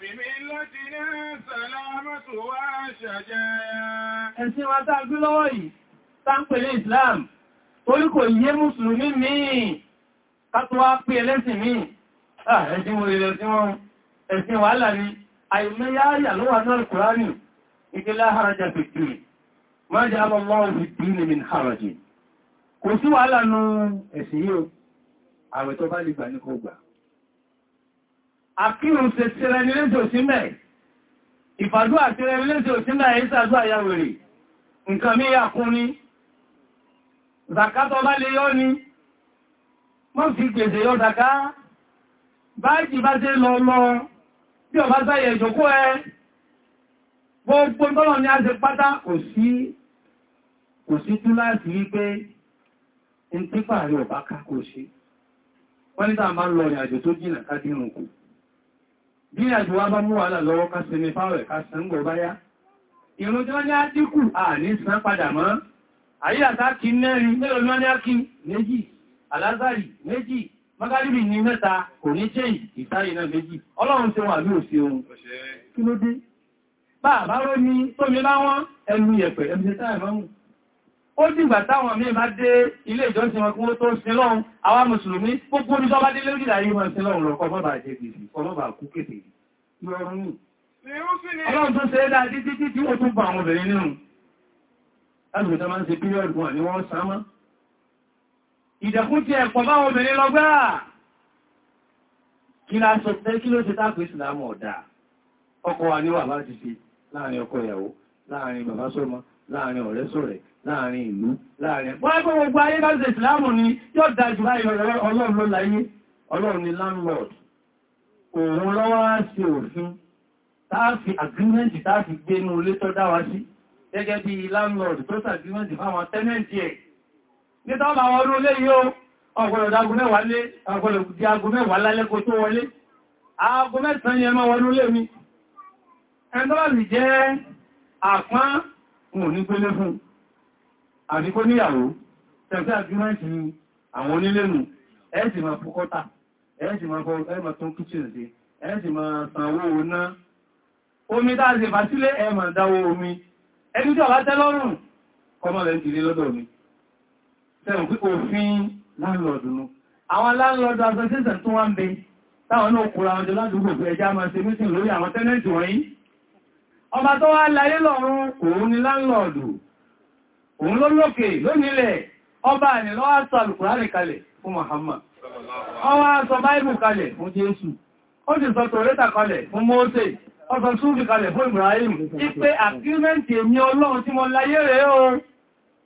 بملتنا سلامة وشجايا ẹ̀sìn wa tá gbé lọ́wọ́ yìí tá ń pèlé Islam orí kò yé mùsùlùmí míì ká tó wá pé ẹlẹ́sìn míì ah, ẹ̀sìn wòlẹ̀ ẹ̀sìn wọn ẹ̀sìn wàhálà ni àìmẹ́yáyà ló wà náà kùránì ìdílá harajà fìdíì má jẹ́ alọ́wọ́ fìdíì ní min harajì kò sí wàhálà nú ẹ̀sìn yíò àwẹ̀ tó bá lè gbà ní kó gbà àkírùn ṣe tẹ́rẹ ní lẹ́sọ̀ símẹ̀ ìfàdú àtẹ́rẹ ní lẹ́sọ̀ símẹ̀ ìsàdú àyàwèrè nǹkan mí yàkún ní bí ọba sáyẹ̀ ìjọkó ẹ gbogbo tọ́lọ̀ ní a ṣe pátá kò sí tú láti wípé in tí pààrí ọba ká kò ṣe wọ́n ní tàà máa ń lọ ìrìn àjò tó jìnà ká dínú kù bí àjò wá bá mú wàhálà lọ́wọ́ ká sinmi fáwẹ̀ ká san gbọ̀ bá Magaribi ni mẹ́ta kò ní ṣe ìtàrí náà méjì. Ọlọ́run tí wọ́n àbí òsì ohun. Kí ló dé? Bá àbáró ní tó mi láwọn ẹnu yẹ̀pẹ̀ ẹmìsẹ̀ táà mọ́mù. Ó dìgbà táwọn mí bá dé ilé ìjọsìn wọn kí wọ́n tó sin lọ́run, àwa Mùsùlùmí, gbogbo orí tó bá dé lórí ìdáyé wọn sin lọ́run lọ́kọ́ mọ́bà jẹ́ gbèsè, ọlọ́bà ìdẹ̀kún ti ẹ̀pọ̀ bá obìnrin lọ́gbà kí sọ tẹ́ kí ló ti tápù ìsìlámù ọ̀dá ọkọ wa níwà bá ti fi láàrin ọkọ ìyàwó láàrin bàbá sọ́mọ láàrin ọ̀rẹ́ láàrin ìlú láàrin gbogbo ayé bá ti ìsìlámù ni yóò dájú ní tọ́bà àwọn ọdún lé yóò ọgbọ̀lọ̀ dagun mẹ́wàá lé ọgbọ̀lọ̀ di agun mẹ́wàá lálẹ́ kó tó wọlé agun mẹ́sàn yẹ mọ́ wọnú lé mi ẹndọ́lì jẹ́ àpán òun ní pélé fún àdíkó níyàwó tẹ̀sí àgbímẹ́ntì àwọn onílẹ́nu ẹ̀ẹ́sì máa fọ́kọ́ta ẹ̀ẹ́sì máa fọ́ ẹ̀mà tún kíchìn sí ẹ̀ẹ́sì máa sanwó oná omi dáadé fàtílé ẹ̀mà dáwó omi ẹni tí ọ̀lá tẹ́lọ́rùn kọmọ rẹ̀ ń dìlé lọ́dọ̀ mi tẹ́rù pí òfin nù àwọn láńlọ́dù association tó wá ń bẹ táwọn náà kúra ọjọ́ láti gbogbo ẹjá máa ṣe mítí lórí àwọn tẹ́lẹ̀tì wọ́n tó wá láyé lọ́run òun ni láńlọ́dù òun ló lókè ọba súnfì kalẹ̀ fún Ibrahim ipe èmi Ọlọ́run tí mo o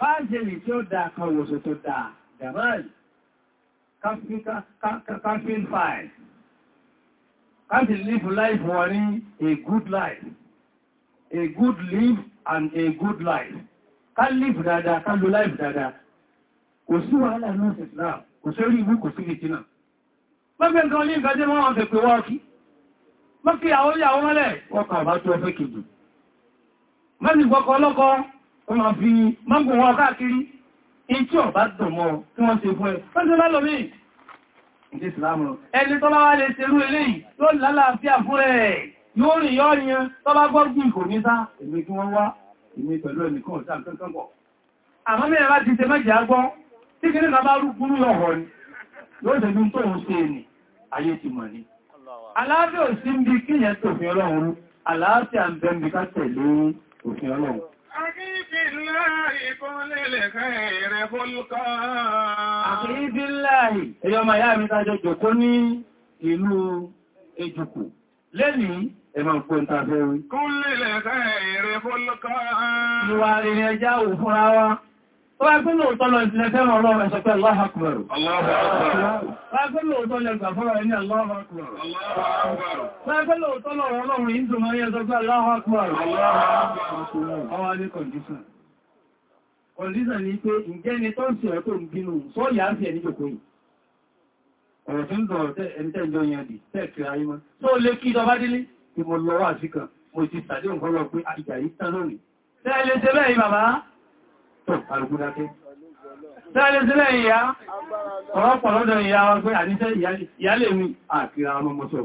fájèlì tí ó dáa kan wòsò tó dáa jamal kafin file káti live life wọ́n ní a good life a good live and a good life ká live dáadáa ká lo life dáadáa kò sí wàhálà náà sí islam kò sí orí ìwú kò sí ìtìnà mọ́fẹ́ nǹkan ní nǹkan jẹ́ wọ́n wọ́n fẹ́ pé wọ́n kí mọ́fẹ́ àwọn ìyàwó mọ́lẹ̀ wọ́n kàn bá tó ọfẹ́ kejì mọ́sí gbọ́kọ̀ ọlọ́kọ́ wọ́n máa fi mọ́gbọ̀n wọn káàkiri ìtí ọ̀bá dọ̀mọ́ tí wọ́n ṣe fún ẹ̀ pẹ́sẹ̀ lálọ́mí ìdí ìsìlámù ẹni tọ́lá wá lè ṣerú eléyìí yóò lálàáfíà fún ẹ̀ yóò rìn yọ́ yan tọ́lá gbọ́gbìn kò ní sá èmi kí wọ́n wá èmi pẹ̀lú ẹnìkan ọ̀sá kankan pọ̀ àmọ́ mẹ́rin bá ti ṣe mẹ́jì agbọ́ tí kí nígbà bá rúkúrú ọ̀họ̀ ni yóò tẹ̀lú tó ń ṣe ni ayé ti mọ̀ ni aláàfíà ò sí ń bí kíyẹn tòfin ọlọ́run aláàfíà ń bẹ́ ń bí ká tẹ̀lé òfin ọlọ́run Àkíbí láàrí fún lẹ́lẹ̀kẹ́ rẹ̀ fólúkọ́. Àkíbí láàrí, ẹyọ máa yá mi tájọ jòkó ní ìlú Ejùkù. Lẹ́ni, ẹmọ kó ń tàbí orí. Kún lẹ́lẹ̀kẹ́ rẹ̀ fólúkọ́. Ìwà rẹ̀ ẹjá òfúnra wa. Tó bá gbé lóòótọ́ lọ ìsinẹ̀ fẹ́ràn ọlọ́run ẹ̀sọ pé Allahu Akbar. Allahu Akbar. Tó bá gbé lóòótọ́ lọ ìgbà fọ́rọ̀ ẹni Allahu Akbar. Allahu Akbar. Tó bá gbé lóòótọ́ lọ ọlọ́run ìdùn mọ́ ẹ̀sọ pé Allahu Akbar. Allahu Akbar. Ọwọ́ adé kọ̀dísàn. Kọ̀dísàn ni pé ǹjẹ́ ni tó ń sọ ẹ̀kọ́ ń bínú Ọ̀rọ̀ tí ń dọ̀ ẹni kí ìjọba délé, ìmọ̀ lọ́wọ́ àti kan, mo pé àjà yìí tán lónìí. Tẹ́ ilé ṣe bẹ́ẹ̀ alùgbúdáké tẹ́lẹ̀ sílẹ̀ ìyá ọ̀rọ̀pọ̀ lọ́dọ̀ ìyá wa pé àdíṣẹ́ ìyálé mi àkíra ọmọmọsọ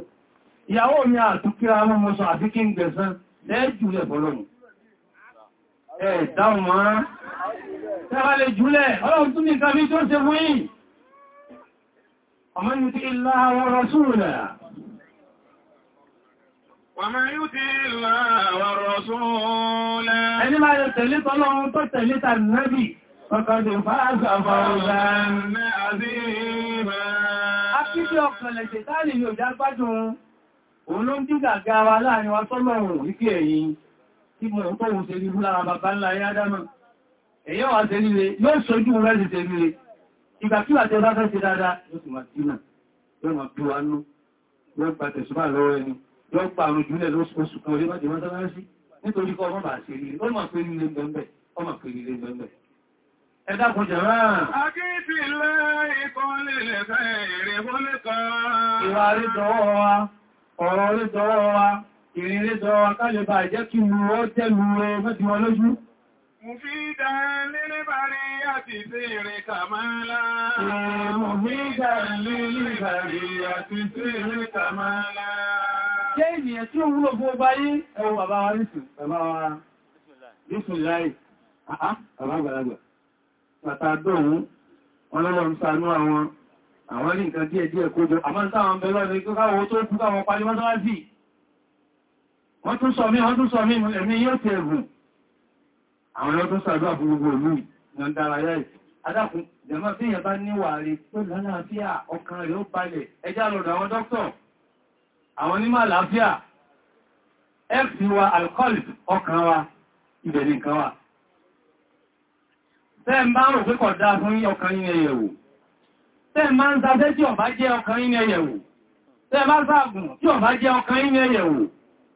ìyàwó mi àtúkíra ọmọmọsọ àti kí ń gbẹ̀sán lẹ́jùlẹ̀ fọ́lọ́nù ẹ̀ dáhùn mọ́ tẹ́lẹ̀ jùlẹ̀ ọlọ́run tún ní ìkàbí tó ṣe fún yìí ọmọ Ẹni máa yẹ tẹ̀lé tọ́lọ́run tó tẹ̀lé tàbí nẹ́bì, ọkọ̀dé fáàzà fọ́ọ̀lá mẹ́ àzíìmá. A kí tí ọkọ̀lẹ̀ ṣètáàlì ní òjá gbádùn òun ló ń dígà gáwa láàrin wa tọ́lọ́run wípé ẹ̀yìn tí mo ń kóhun ṣe rí lára bàbá ńlá ayá dámà. Èyàn wà ṣe ríre, yóò ṣojú rẹ̀ sì ṣe ríre. Ìgbàkíwà tẹ́ bá fẹ́ ṣe dáadáa, yóò sì máa tí wọ́n pàrùn jùlẹ̀ lóṣù kan orí májèmọ́ sáláṣí nítorí kọ́ ọmọ bà ṣe rí ọmọ pé ní ilé gbẹ̀mẹ̀ ọmọ pé ní ilé gbẹ̀mẹ̀ ẹ̀dá kan jẹ̀ mo fi dá lérè bàrí àti sí ìrìn kàmálà mo fi dá lérè bàrí àti sí ìrìn kàmálà jẹ́ ènìyàn tí ó wúlò fún ọba yí ẹwọ bàbá wa rísù bàbá wa rísù láì àá bàbá àgbàlagbà bàtà dọ̀hún ọlọ́lọ́ ń sanú àwọn àwọn ní nǹkan díẹ̀ díẹ̀ kójọ àmọ́ táwọn bẹ̀rọ ní kí káwọ́ tó kú káwọn parí wọ́n tọ́wá sí wọ́n tún sọ mí wọ́n tún tó sàdọ́ àfúrúgbò ọkàn rẹ̀ ó balẹ̀ ẹjá lọ́dọ̀ àwọn dókítà àwọn onímọ̀ àlàáfíà x wa alcohol ọkàn wa ibẹ̀ nìkan wà tẹ́ ń bá rò pé kọ̀dá fún ọkàn yín ẹyẹ̀wò tẹ́ ń bá ń safẹ́ tí ọ̀bá jẹ́ ọkàn yín ẹyẹ̀wò tẹ́ bá sàgùn tí ọ̀bá jẹ́ ọkàn yín ẹyẹ̀wò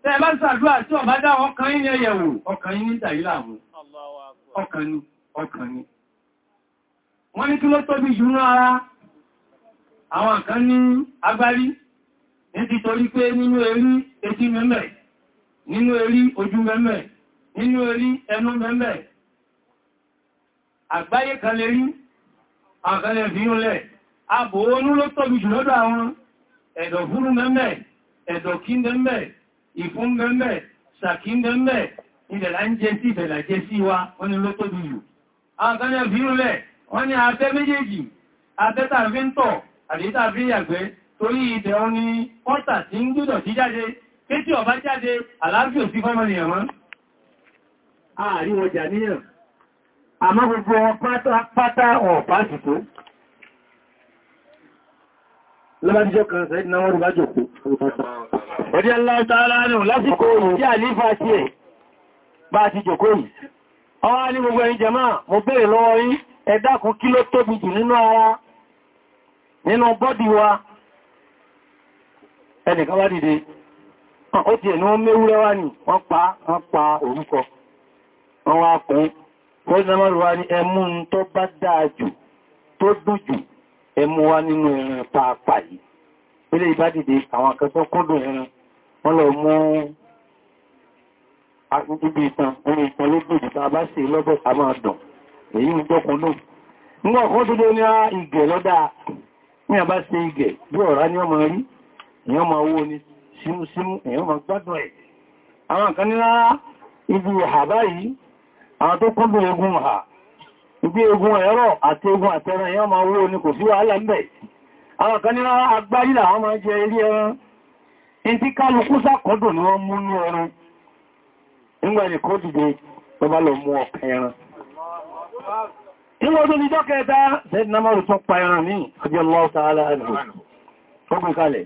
tẹ́ bá sàdúrà tí ọ̀bá dá ọkàn yín ẹyẹ̀wò ọkàn yìí ni ọkàn ni wọ́n ní kí ló tóbi jù nítorí pé nínú erí etí mẹ́mẹ́ nínú erí ojú mẹ́mẹ́ nínú erí ẹnu mẹ́mẹ́ àgbáyé kan lè rí àkàlẹ̀ fíúnlẹ̀ àbò onú ló tóbi jù lọ́dọ̀ àwọn ẹ̀dọ̀ fúrú mẹ́mẹ́ ẹ̀dọ̀ kí mẹ́mẹ́ ìfún mẹ́mẹ́ sàkí mẹ́mẹ́ wa wọ́n ni ló tóbi jù àkàlẹ̀ fíúnlẹ̀ wọ́n ni àtẹ́ torí ibẹ̀ wọn ni pọ́tà tí ń gbúdọ̀ sí jáde pé tí ọba jáde àlàáfíà sí fọ́mọ̀lì ẹ̀mọ́ ààrí wọn jà níyàn àmọ́ gbogbo pátá ọ̀pá àsìkò lọ́bájíjọ́ kan sẹ́dì náà wọ́n rú bá jòkó ọdí aláàtàlá nù lásìkò yìí tí àlífà sí ẹ̀ bá ti jòkó yìí ọwá ní gbogbo ẹ̀yin jàmá mo béèrè lọ́wọ́ yín ẹ dákun kí ló tóbi jù nínú ara nínú bọ́dì wa ẹnìkan wá dìde ó ti ẹ̀nà mẹ́wúrẹ́ wá ní wọ́n pa wọ́n pa orúkọ wọ́n wá pín pọ́sánmọ́rù wá ní ẹmú tó bá dáa jù tó dùn jù ẹmú wá nínú ẹran pàápàá yìí ilé ìbá dìde àwọn akẹ́kọ́ kọ́dùn ẹran wọ́n lọ mú ibi ìtàn tó dé ní ah, ìgẹ̀ lọ́dá ní àbá sí ìgẹ̀ bí ọ̀rá ní ọmọ rí èyàn máa wó ní símúsímú èyàn máa gbádùn ẹ̀ àwọn kan ní rárá ibi ìhàbá yìí àwọn tó kúndùn egun ha ibi egun ẹ̀rọ àti egun àtẹran èyàn máa wó ní kò sí wàhálà ń bẹ̀ àwọn kan ní rárá agbárílà àwọn máa jẹ ilé ẹran in tí kálukú sàkọ́dùn ni wọ́n mú ní ẹran nígbà ní kó dìde tó bá lọ mú ọkà ẹran Ìwọ̀n tó ti kẹta, Zed Namaru pa ẹran ní, Adé Allah Ta'ala Adé, ó gbé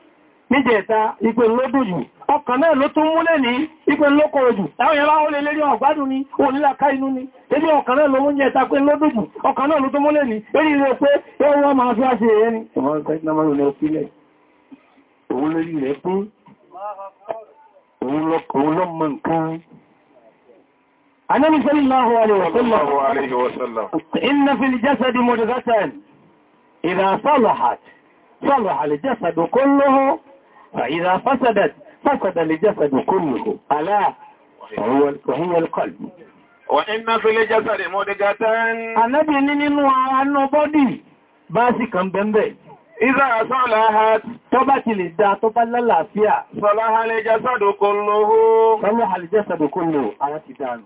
níjẹta ìpè lódùn jù ọkàn náà ló tún múlẹ̀ ní ìpè lókòrò jù àwọn ìyàrá ó lè lérí ọ̀gbádùn ní onílàká inú ní ebí ọkàn náà ló mú jẹ ta pé lódùn jù ọkàn náà ló tún múlẹ̀ ní èrí rẹ̀ pé yóò wọ́n máa fi àṣẹ ẹni Annabi sallallahu alaihi wa sallam inna fil jasadi mudghatan idha salahat salaha al jasadu kulluhu فإذا فسدت فسد الجسد كله ألا وهي القلب وإن في الجسد مدغة النبي nínú àánú body bá sì kan bẹ́m̀bẹ̀ Iza sọ́láhàt tó bá ti lè dá tó bá lálàáfíà. Sọ́láhàlẹ̀ jásàdò kò lóhó. Sọ́láhàlẹ̀ jásàdò kò lóhó, ara ti dánù.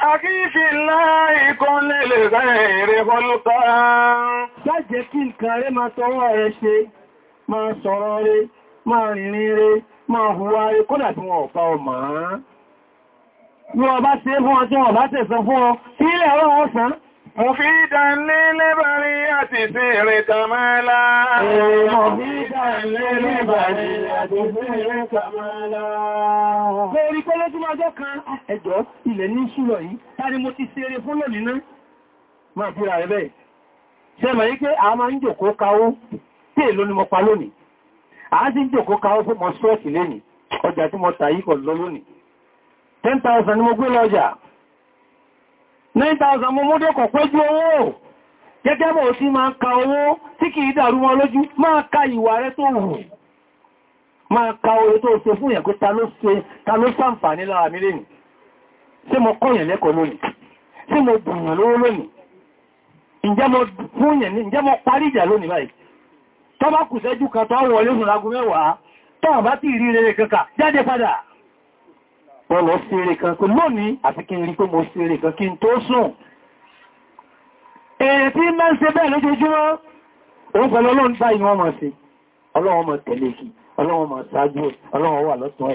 Àkífì láì kan lèlè rẹ̀ ọlọ́ta. Lájẹ́ kí nǹkan rẹ̀ máa tọwọ́ rẹ̀ ṣe, máa sọ̀rọ̀ rẹ̀, máa rìnrìn rẹ̀, máa hùwà rẹ̀ kódà tí wọ́n ọ̀pá ṣe fún ọ tí tẹ̀sán fún ọ, kí ilẹ̀ ọlọ́wọ́ sàn مفيدا للبرية سير كمالا مفيدا للبرية سير كمالا Lórí kó lójú ọjọ́ kan ah, ẹjọ́ ilẹ̀ ní ṣúlọ̀ yìí, tàbí mo ti ṣeré fún lónìí náà, máa fi rà rẹ̀ bẹ́ẹ̀. Ṣé mo yí pé a máa ń jòkó káwó tí èlò ni mo pa lónìí? A ti ń jòkó káwó fún mọ́ sọ́ọ̀kì lónìí, ọjà tí mo tà yí kọ̀ lọ 10,000 ni mo gbé lọ́jà. 9,000 mú múdé kọ̀ péjú owó gẹ́gẹ́ bọ̀ sí máa ka owó tí kìí dàrú wọn lójú máa ka ìwà rẹ tó hù máa ka oore tó ṣe fún ìyàkó ta ló ṣàǹfààní lára mi lẹ́nu ṣé mo kọ́yàn lẹ́kọ̀ọ́ lónìí ṣé mo bùyàn lówó lónìí ǹjẹ́ mo parí ìjà lónìí báyìí tọ́ bá wọ́n lọ sí eré kan kò lónìí àti kí n rí pé mo sí eré kan kí n tó sùn èrè tí máa ń ṣe bẹ́ẹ̀ lójoojúmọ́ òun pẹ̀lú ọlọ́run báyìí wọ́n mọ̀ sí ọlọ́run mọ̀ tẹ̀lé kí ọlọ́run mọ̀ ṣáájú ẹ̀ ọlọ́run wà lọ́tún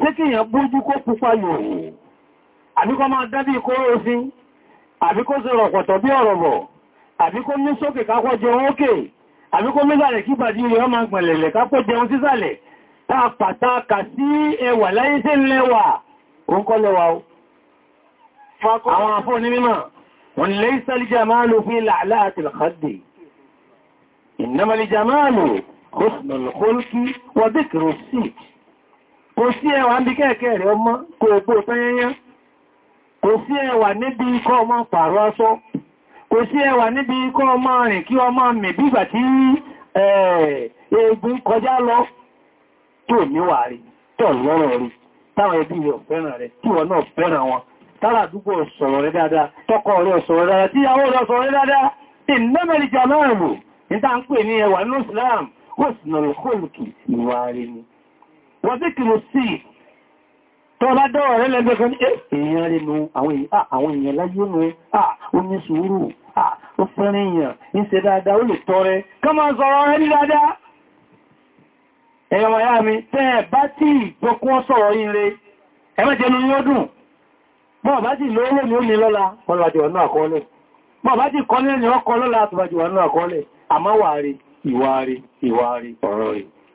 ṣé kí èèyàn bójú kó pupa yòòyìn àbí kó máa dábí ìkóró sí àbí kó sí rọ̀pọ̀tọ̀ bí ọ̀rọ̀bọ̀ àbí kó ní sókè kápọ̀ jẹun ókè àbí kó kí bàdí rẹ̀ máa gbẹ̀lẹ̀lẹ̀ kápọ̀ jẹun sísàlẹ̀ táà pàtàkà sí ẹwà kò sí ẹwà níbi kẹ́ẹ̀kẹ́ rẹ̀ ọmọ kò ègbò tẹ́yẹnyẹ́ kò sí ẹwà níbi ikọ́ ọmọ pààrọ̀ aṣọ kò sí ẹwà níbi ikọ́ ọmọ rìn kí ọmọ mẹ̀ bígbà tí eegun kọjá lọ tó níwà rí tọ̀ lọ́rọ̀ rí táwọn ẹbí rẹ̀ fẹ́ràn rẹ̀ Islam husnul khulqi ìwà wọ́n sí kìrò sí tó bá dọ́wọ̀ rẹ̀ lẹ́gbẹ́ èèyàn rẹ̀ nù àwọn èèyàn láyé nù ó ní sùúrù ó fẹ́rẹ̀ èèyàn ní ṣe dáadáa ó lè tọrẹ ká máa sọ̀rọ̀ rẹ̀ ní dáadáa mi tẹ́ bá tí sọ̀rọ̀ ire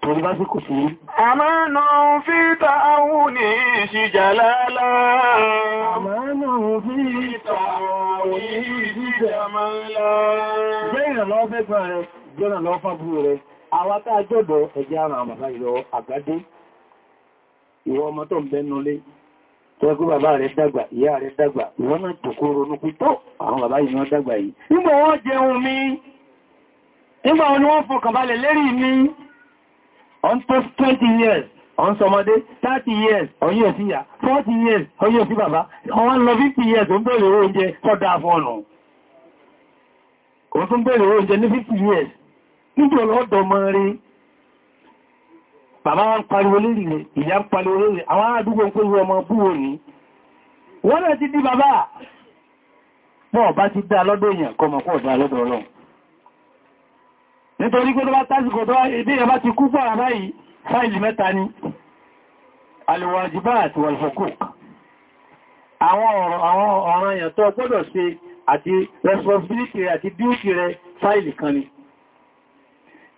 torí bá sí kò sí. a fi tààwù ní ìṣìjàlálá. Àmánà fi tààwù ní ìṣìjàmálá. Jẹ́ ìrànlọ́wọ́ fẹ́gbà rẹ̀, jẹ́ ìrànlọ́wọ́ fábúrú rẹ̀. Àwa tá a jọ́dọ̀ ẹ̀jẹ́ ara àmàlá ìlọ àgbádé. Ìwọ ọmọ tó ń bẹnu lé. Tẹ́kú bàbá rẹ̀ dàgbà, ìyá rẹ̀ dàgbà, ìwọ́n náà tòkó ronú pító, àwọn bàbá yìí wọ́n dàgbà yìí. Nígbà wọ́n jẹun mi, nígbà wọn ni wọ́n fọkànbalẹ̀ lérí mi, on post 20 years on sọmọdé 30 years on òsí ìyá 40 years ọyí òsí bàbá ọwọ́n lọ 50 years ó ń bèèrè owó oúnjẹ tọ́dá fọ́nù ó tún bèèrè owó oúnjẹ ní 50 years níjọ lọ́dọ̀ mọ́ rí bàbá wọn pariwo lérí rẹ̀ ìyá ń pariwo lérí rẹ̀ àwọn àdúgbò ń pèwé ọmọ búwo ní wọ́n rẹ̀ ti di bàbá bọ́ọ̀ bá ti dá lọ́dọ̀ èèyàn kọmọkọ̀ dá lọ́dọ̀ ọlọ́run nítorí pé tó bá tásìkò tó èdè ẹ̀bá ti kú fún àmá yìí fáìlì mẹ́ta ní alwajibat wal huquq àwọn ọ̀ràn èèyàn gbọ́dọ̀ ṣe àti responsibility rẹ̀ àti duty rẹ̀ fáìlì kan ni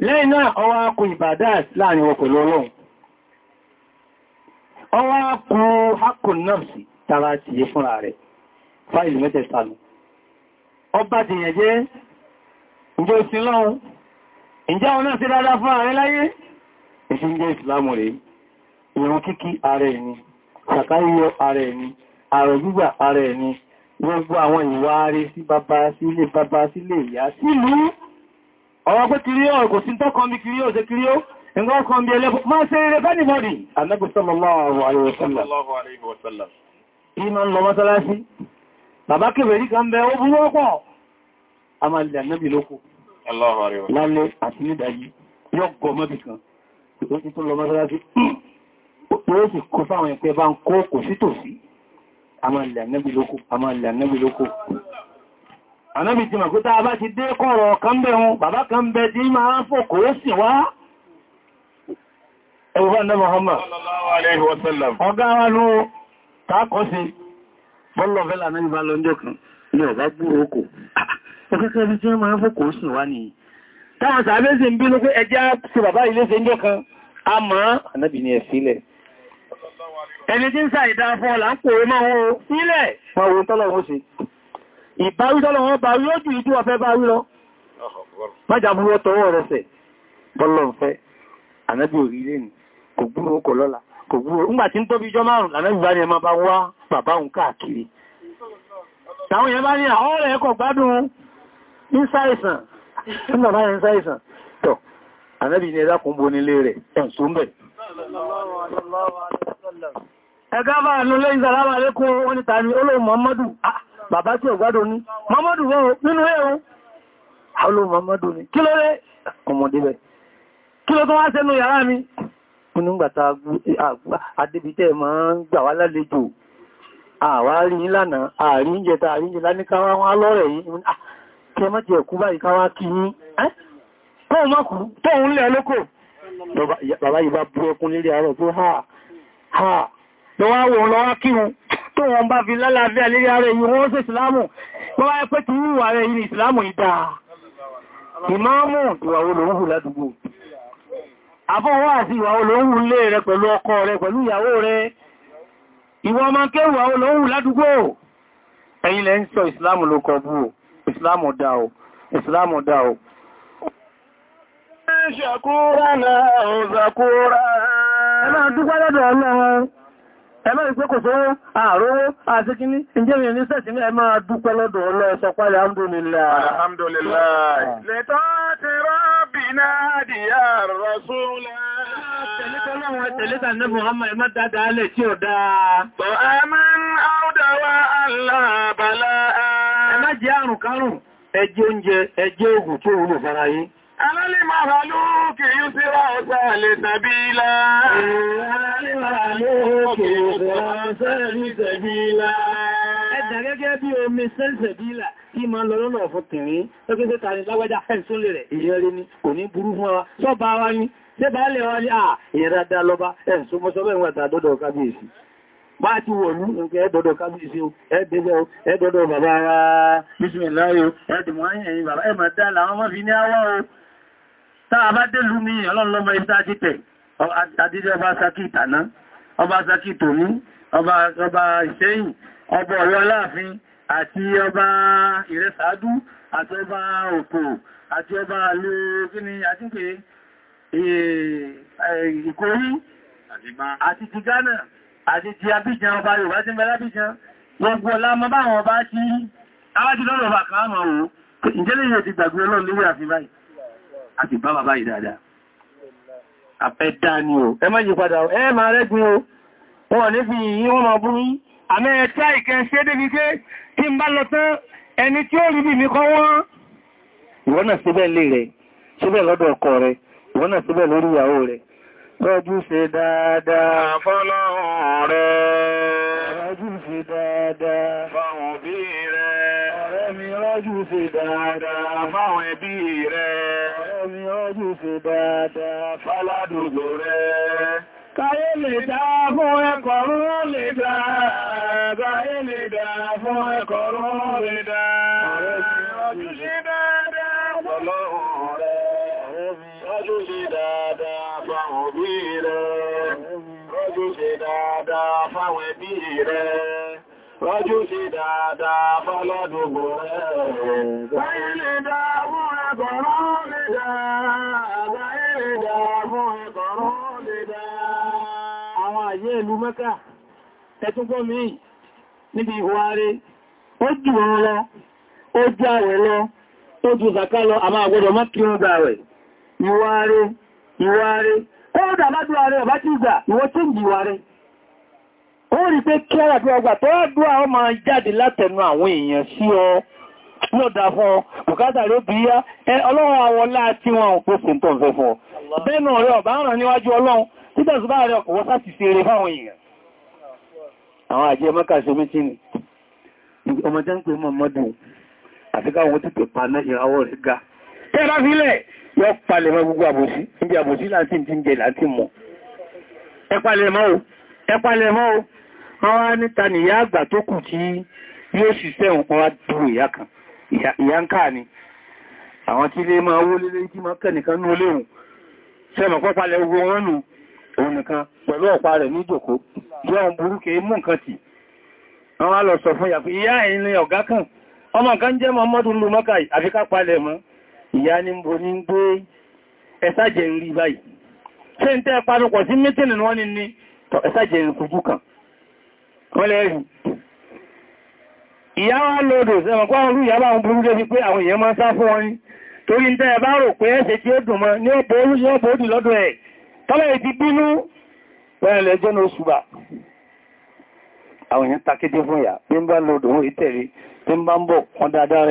lẹ́yìn náà ọwá kú ibadat láàrin wọ pẹ̀lú ọlọ́run ọwá kú hakun nafsi tara ti yé ọba ti yẹn jẹ́ ìjọ ìsinlọ́run ǹjẹ́ àwọn náà sí dáadáa fún ààrẹ láyé èsì ń jẹ́ ìsìlámù rẹ̀ ìrun kíkí ààrẹ ẹni sàkáyíyọ ààrẹ ẹni ààrẹ gbígbà ààrẹ ẹni gbogbo àwọn ìwà rẹ̀ sí bàbá sílé bàbá sílé ìyá sílùú ọwọ́ pé kiri ọ̀ kò sí tọ́kan bí kiri ó ṣe kiri ó nǹkan kan bí ẹlẹ́bọ̀ máa ṣe rẹ̀ fẹ́nìmọ́dì Ànábì sallallahu alaihi wasallam ìmọ̀ ń lọ mọ́sálásí bàbá kèbèrí kan bẹ ó búrọ́pọ̀ a máa lè Ànábì lálẹ́ àti nídàjí yóò gọ mọ́bì kan ó ti tó lọ mọ́sálásí ó sì kó sáwọn ẹ̀pẹ́ bá ń kó kò sí tòsí àmàlẹ̀ ànábì lókò ànábì ti màkútà bá ti dé kọ́rọ̀ kánbẹ̀ hun bàbá kánbẹ̀ dí máa ń fò kò ó sì wá ẹwọ́n Muhammad ọgá wa ló tàkọ́ sí bọ́lọ̀ fẹ́lá náà bá lọ́njọ́ kan ní ọ̀gá gbúrò òkẹ́kẹ́ bí tí wọ́n máa ń fòkó sí wá nìyí táwọn sàbẹ́ sí ń bínú pé ẹjẹ́ sí bàbá ilé ṣe ń jọ kan a mọ́ ànábì ní ẹ̀fílẹ̀ ẹni tí ń sàìdá fún ọlá ń pòrò máa wọn sílẹ̀ pàwọ̀ tọ́lọ̀wọ́ sí ìbáwí tọ́lọ̀wọ́ bá rí ni kò gbúrò kò lọ́la kò gbúrò ńgbà tí ń tóbi jọ márùn-ún ànábì bá ní ẹ máa bá wá bàbá òun káàkiri bá ní àwọn ọ̀rẹ́ ẹ̀kọ̀ gbádùn ń sáìsàn tí bàbá yẹn ń sáìsàn tọ̀ ànábì ní ẹ̀dá kún bo nílé rẹ̀ ẹ̀ tó ń bẹ̀ ẹ̀gá bá ẹ̀nu lẹ́yìn sàlámà lékún wọn ni tàbí olóhùn Muhammadu ah, bàbá tí ọ̀gbádò ní Muhammadu wọ́n nínú ẹ̀hùn olóhùn ah, Muhammadu ní kí ló rẹ̀ ọmọdé bẹ̀ kí ló tó wá sẹ́nu yàrá mi nígbàtà adébítẹ́ ma ń gbà wá lálejò àwárí ìlànà àríjẹta àríjẹta ní káwọn alọ́rẹ̀ yìí ah, kẹ mọ́jẹ̀ ẹ̀kú báyìí káwá kí yí tóun mọ́kù tóun lẹ́ lókò bàbá yìí bú ẹkún nílé àárọ̀ tó ha ha lọ́wọ́ wò lọ́wọ́ kírun tó wọn bá fi lálàáfíà lérí ààrẹ yìí wọ́n sí ìsìlámù wọ́n wáyé pé ti wíwà rẹ̀ yìí ìsìlámù ìdá ìmáàmù ìwàwó lòóhù ládùgbò àfọwọ́ àti ìwàwó lòóhù lé rẹ̀ pẹ̀lú ọkọ rẹ̀ pẹ̀lú ìyàwó rẹ̀ ìwọ ọmọ kéwàwó lòóhù ládùgbò ẹ̀yin lẹ́ ń sọ ìsìlámù ló kọ bú o ìsìláàmù dá o ìsìláàmù dá o ṣàkúrà náà ò ṣàkúrà ẹ̀mọ́ dúpẹ́ lọ́dọ̀ ọlọ́run ẹ̀mọ́ ìpé kò sówó àrówó àti kíní ìjẹ́rìn ní sẹ́sì ní ẹ̀mọ́ dúpẹ́ lọ́dọ̀ ọlọ́run sọ pálẹ̀ alhamdulillah alhamdulillah lẹ́tọ́ ti rọ́bìnà dìyà rọ̀súnlẹ̀ tẹ̀lẹ́ta ẹjẹ́ àrùn kárùn ẹjẹ́ oúnjẹ ẹjẹ́ oògùn tó wúlò fara yí alálẹ́ màrà lóòkè lóòkè yóò tí wá ọ̀sá lè tàbí ilá gẹ́gẹ́ bí omi sẹ́sẹ̀ bí ìlà kí ma lọ lọ́nà ọ̀fún tìrín lọ́gbẹ́ tó tàrí lágbàjá ẹ̀sùn lè rẹ̀ èèyàn rí ní kò ní burú fún wa sọ́bàá wa ní sẹ́bàá lè wá ní à èèyàn lọ́bá ẹ̀sùn mọ́sọ́bẹ̀ wọn àtàdọ́dọ̀ bá ti wọ̀lú ẹgbẹ̀ẹ́dọ̀dọ̀ kábíyèsí ẹgbẹ̀ẹ́dọ̀dọ̀ bàbá ara bísmìláyò ẹ̀dùnmọ́ ayẹ̀yìn bàbá ẹ̀mà dáàlà àwọn ọmọ fi ní àwọ́ o táà bá délú ní ọlọ́lọ́mọ ìta títẹ̀ àdíjẹ́ ọba saki ìtàná ọba saki tòní ọba ìṣẹ́yìn ọba ọ̀yọ́ aláàfin àti ọba ìrẹsàádú àti ọba òkò àti ọba àlú kíni àti pé ìkórí àti ti Ghana àti ti abíjan ọba Yorùbá tí ń bẹ lábíjan gbogbo ọlá mọ́ báwọn ọba ti rí awájú lọ́rọ̀ ọba kan mọ̀ wò ìjẹ́lẹ̀ yóò ti gbàgbé ọlọ́run léwé àfi báyìí àti bá bàbá yìí dáadáa àpẹ dáa ni o ẹ má yí padà ẹ máa rẹ́gbin o wọn ní fi yìí wọ́n máa búrú àmẹ́ ẹ̀tẹ́ ìkẹ́ ṣe débi pé tí ń bá lọ tán ẹni tí ó rí bí mi kọ́ wọ́n ìwọ́n náà síbẹ̀ lé rẹ̀ síbẹ̀ Rọ́jú ṣe dáadáa fọ́lọ́run rẹ̀. Rọ́jú ṣe dáadáa fáwọn òbí rẹ̀. Ọ̀rẹ́ mi rọ́jú ṣe dáadáa fáwọn ẹbí rẹ̀. Ọ̀rẹ́ mi rọ́jú ṣe dáadáa fáládùgbò rẹ̀. Káyé lè dáa fún ẹkọ̀rún lè dáa. Káyé lè dáa fún ẹkọ̀rún lè dáa. rọ́jú ṣe dáadáa fọ́lọ́run dáadáa fáwọn ẹbí rẹ̀ rọ́jú sí dáadáa fọ́lọ́dùgbò rẹ̀ báyìí lè dáa fún ẹkọ̀rọ̀ lè dáa báyìí lè dáa fún ẹkọ̀rọ̀ lè dáa àwọn àyè ìlú Mẹ́kà ẹtúgbọ́ mi níbi ìwárí ó jù wọn lọ ó jẹ́ àwẹ̀ lọ ó jù zàká lọ àmà àgbọ́dọ̀ má kí ó gbà rẹ̀ ìwárí ìwárí kódà bá dúwárí ọ̀bá tí ìgbà ìwọ́ tí ń jìwárí ó rí pé kí ara fi ọgbà tó dúà ó máa jáde látẹnu àwọn èèyàn sí ọ lọ́dà fún ọ bùkátà ló bí yá ọlọ́run àwọlá tí wọn ò pèsè tó ń fẹ́ fún ọ bẹ́ẹ̀nà rẹ̀ ọ̀bá ràn níwájú ọlọ́run títàṣùbá rẹ̀ ọkọ̀ wọ́sá ti ṣe eré fáwọn èèyàn àwọn àjẹ́ mọ́kàṣe méjì ni ọmọ jẹ́ ń pè mọ́ mọ́dún àti káwọn tí pè pa náà ìràwọ̀ rẹ̀ ga tẹ́rà sílẹ̀ yọ palẹ̀ mọ́ gbogbo àbòsí níbi àbòsí láti ń jẹ láti mọ̀ ẹ palẹ̀ mọ́ o ẹ o wọ́n wá níta ni ìyá àgbà tó kù tí yóò ṣiṣẹ́ òun wá dúró ìyá kan ìyá ń káà ni àwọn tí lè máa wó lélé tí máa kẹ́nìkan ní olóhun sẹ́mọ̀ pọ́pálẹ̀ ogun wọn nù òun nìkan pẹ̀lú ọ̀pá rẹ̀ ní ìjòkó jẹ́ ohun burúkú mú nǹkan tì wọ́n wá lọ sọ fún ni ọ̀gá kan kojú kan wọ́n lẹ́rì ìyá wá lòdò sẹ́mọ̀kọ́ orú ìyá bá ń burú débi pé àwọn èèyàn máa sá fún wọn torí ń tẹ́ ẹ bá rò pé ẹ́sẹ̀ tí ó dùn mọ́ ní ọ̀pọ̀ orú yọ́ bòódì lọ́dọ̀ ẹ̀ tọ́lẹ̀ ti bínú pẹ̀lẹ̀ jẹ́ ní oṣùgbà àwọn èèyàn takété fún ìyá bí ń bá lòdò ó ìtẹ̀rí tí ń bá ń bọ̀ kan dáadáa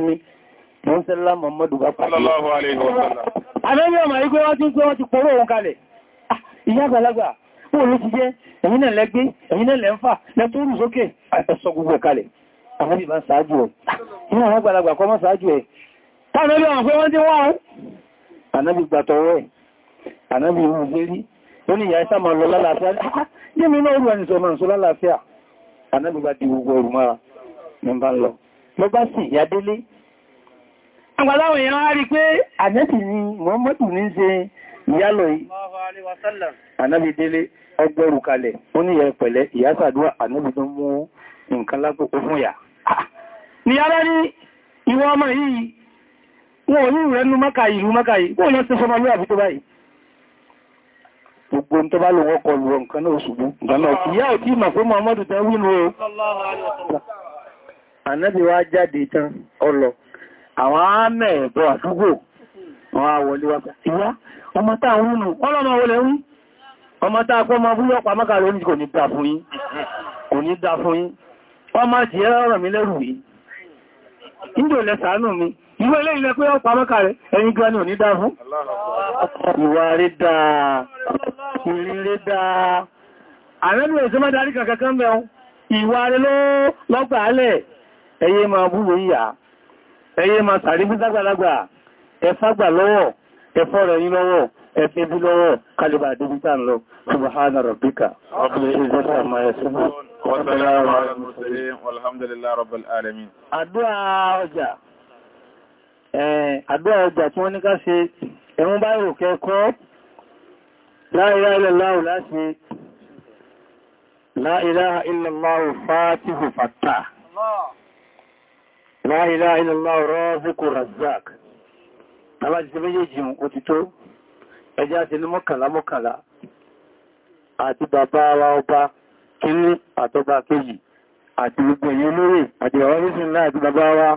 rẹ̀ Mọ́sílá Mọ̀mọ́dù bá pàdé. Àbẹ́bí ọmọ ikú wọ́n tí ń pé wọ́n ti pòrò òun kalẹ̀. Ah, ìyá àgbàlagbà, ó ló ti jẹ́, ẹ̀yin náà lẹ́gbé, ẹ̀yin náà lẹ́fà, lẹ́tọ́rù sókè, ah, ẹ̀sọ gbogbo ẹ̀ kalẹ̀. Àbẹ́bí bá ń sáájú ẹ̀. Ìyá àgbàlagbà kọ́ mọ́ sáájú ẹ̀. Tàbẹ́bí ọmọ pé wọ́n tí wọ́n Ànábì gbà tọwọ́ ẹ̀. Ànábì ìrù ìgbérí. Ó ní ìyá ìsá máa lọ lálàáfíà. Jẹ́ ah, mi náà rú ẹni sọ máa ń sọ lálàáfíà. Àgbàláwò èèyàn á rí pé ànẹ́bì ni Mọ́mọ́dù ní ṣe ìyálọ̀ yìí. Ànábì délé ọgbọ̀rù kalẹ̀, ó ní ẹ pẹ̀lẹ́, ìyá sàdúwà ànábì tó mú nǹkan lápò ó fún yà. Ni ara ní ìwọ ọmọ yìí, wọn ò ní ìrẹ́nu mọ́kà ìlú mọ́kà yìí, wọ́n yọ́n ti sọmọ ní àbútó báyìí. Gbogbo tó bá lò wọ́n kọlu nǹkan náà ṣùgbọ́n, nǹkan náà ìyá ò tí mà fún Mọ́mọ́dù tẹ́ wínú o. Ànábì wá jáde tán, ọlọ̀ àwọn àmẹ́ ẹ̀bọ̀ àdúgbò wọn a wọlé wá ìwá ọmọ táà ń nù ọlọ́mọ wọlé ń ọmọ táà kọ́ ọmọ fún yọ́pàá mọ́kà lórí kò ní dá fún yín kò ní dá fún yín wọ́n máa jẹ́ ọ̀rọ̀ mi lẹ́rù yìí níjò lẹ ṣàánú mi ìwé ilé ilẹ̀ pé ọ̀pàá mọ́kà rẹ̀ ẹ̀yìn gan ni ò ní dá fún ìwà rí dáa ìrírí dáa àrẹ́lú èsì mọ́ darí kankan bẹ̀rún ìwà rí lọ́gbàálẹ̀ ẹ̀yẹ máa búrò yìí ẹyẹ máa tàrí fún dágbàlagbà ẹfàgbà lọ́wọ́ ẹfọ́ rẹ̀ yí lọ́wọ́ ẹfẹ́ bí lọ́wọ́ kalibà dìbítà lọ subhana rabbika àdúrà ọjà tí wọ́n ní ká ṣe ẹ̀wọ́n bá rò kẹ́kọ́ la ilaha illallah láti la ilaha illallah fatihu fattah La ilaha illallah raziqur razzaq tàbá ti méjèèjì ó ti tó ẹjá ti ní mọ́kànlá mọ́kànlá àti bàbá wa ọba kíní àtọba kejì àti gbogbo èyí olórí àti bàbá bísùn láì àti bàbá wa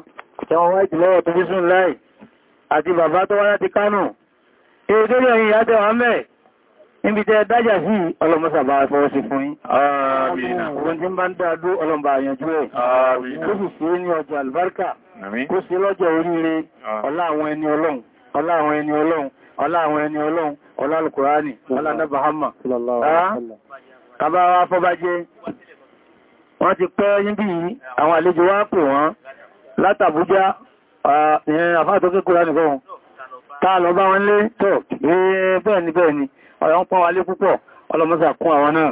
tẹwọn wá ìtìlọ́wọ̀ tó bísùn láì àti bàbá tó wá níbi tẹ́ dájà sí ọlọ́mọ́sàbà fọwọ́ sí fún yín. Àmín. Ogun tí ń bá ń dáadó ọlọ́mbà àyànjú ẹ̀. Àmín. Kó sì sí ní ọjọ́ àlùbáríkà. Àmín. Kó sí lọ́jọ́ oríire ọlá àwọn ẹni ọlọ́run, ọlá àwọn ẹni ọlọ́run, ọlá àwọn ẹni ọlọ́run, ọlá Al-Kùránì, ọlá Nàbàhámà. Kàbá wa fọ́bájẹ́, wọ́n ti pẹ́ níbi àwọn àlejò wá pè wọ́n látàbújá, ìyẹn àfáàtọ́kẹ́kùrá nìkan. Ká lọ bá wọn lé tọ̀, bẹ́ẹ̀ ni bẹ́ẹ̀ ni ọ̀rọ̀ ń pọ́n wa lé púpọ̀ ọlọ́mọ́sà kún àwọn náà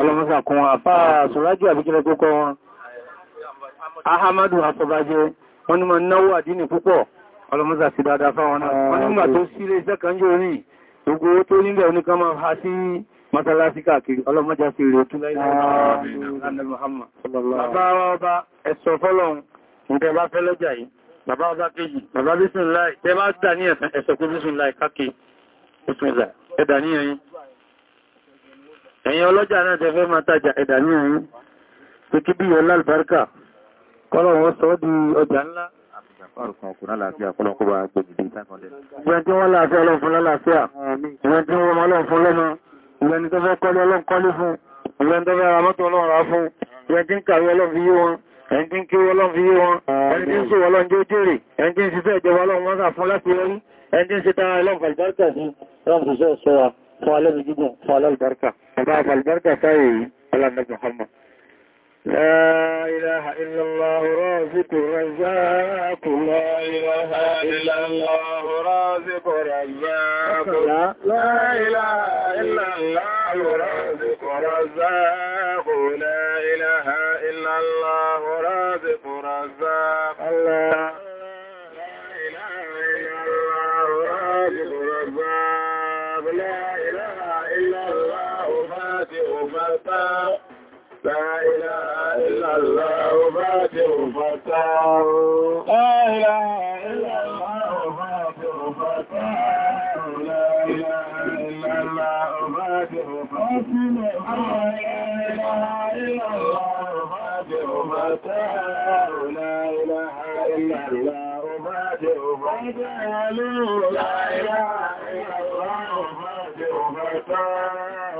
ọlọ́mọ́sà kún wọn àfá sọ́rájú àbíkílẹ̀ tó kọ́ wọn ahamadu asọ́bájẹ́ wọ́n ní ma náwó àdínì púpọ̀ ọlọ́mọ́sà sí dáadáa fáwọn náà wọ́n nígbà tó sílé Bàbá ọba kejì, bàbá bísùn láì, tẹ bá dà ní ẹ̀sọ̀ pé bísùn láì káàkiri, ó tún ìzà ẹ̀dà ní ẹ̀yìn ẹ̀yìn ọlọ́jà náà tẹ fẹ́ máa tajà ẹ̀dà ní ẹ̀yìn pé kí bí ọlá albarka kọ́lọ̀ wọ́n sọ di ọjà ńlá Ìwẹ̀n tí wọ́n láàáfíà ọlọ́run fún lálàáfíà, ìwẹ̀n tí wọ́n ọlọ́run fún lọ́mọ, ìwẹ̀n tó fẹ́ kọ́lé ọlọ́run kọ́lé fún, ìwẹ̀n tó fẹ́ ara mọ́tò ọlọ́run rà fún, ìwẹ̀n tí ń kàwé ọlọ́run fi yé wọn, ẹni tí ń kí ọlọ́run fi yé wọn, ẹni tí ń ṣe ọlọ́run jẹ́ òjèrè, ẹni tí ń ṣiṣẹ́ wọ́n sà láti rí, ẹni tí ń ṣe tara sí, رب زو سوا فعلم جدا فعل البركة فضعف البركة فايه على النبي محمد لا إله إلا الله رازق الرزاق لا إله إلا الله رازق الرزاق لا إله إلا الله رازق الرزاق لا إله إلا الله رازق الرزاق الله لا إله إلا الله فاتح فتاه لا إله إلا الله فاتح فتاه لا إله إلا الله فاتح فتاه لا إله إلا الله فاتح فتاه لا إله إلا الله فاتح فتاه لا إله إلا الله فاتح فتاه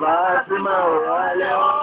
Fátímà ò wálé wá.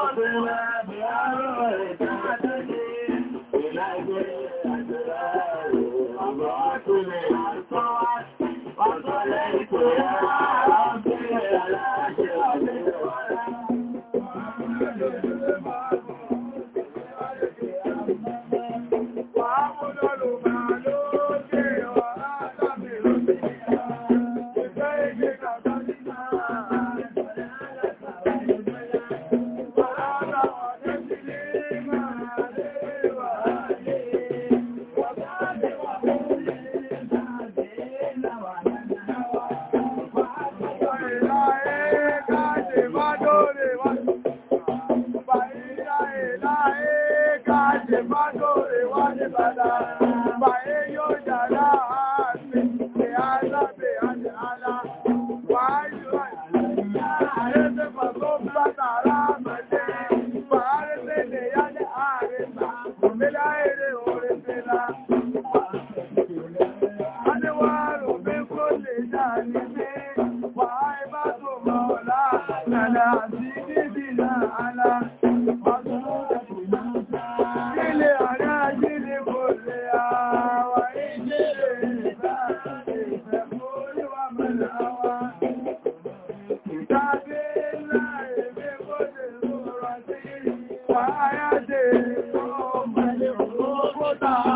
Lord.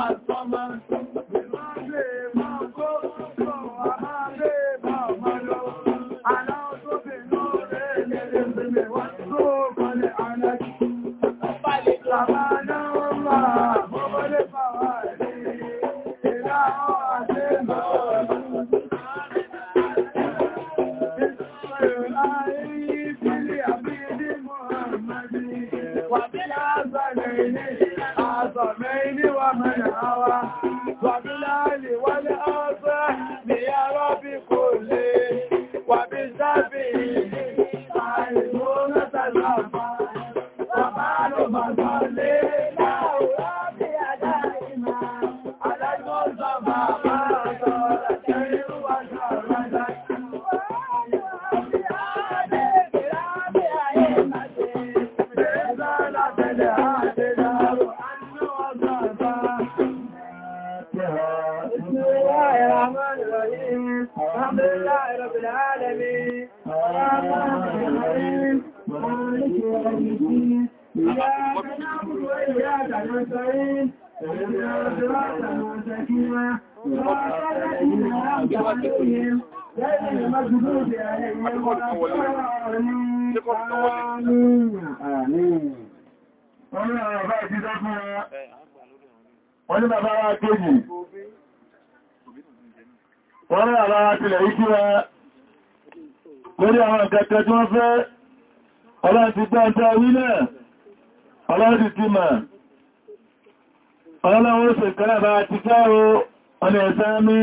wọ́n lè ẹ̀sẹ́ ní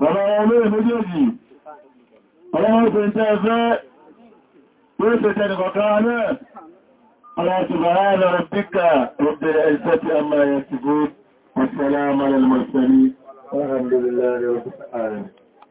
bàbá wọn olóyè méjèèjì ọlọ́wọ́ ìpè ń tẹ́ ẹ̀fẹ́ yóò ṣe tẹ́ nìkọ̀kan náà alásùgbàrá lọ́rọ̀ píkà ọdẹ ẹ̀sẹ́ tí a máa yẹ ti gó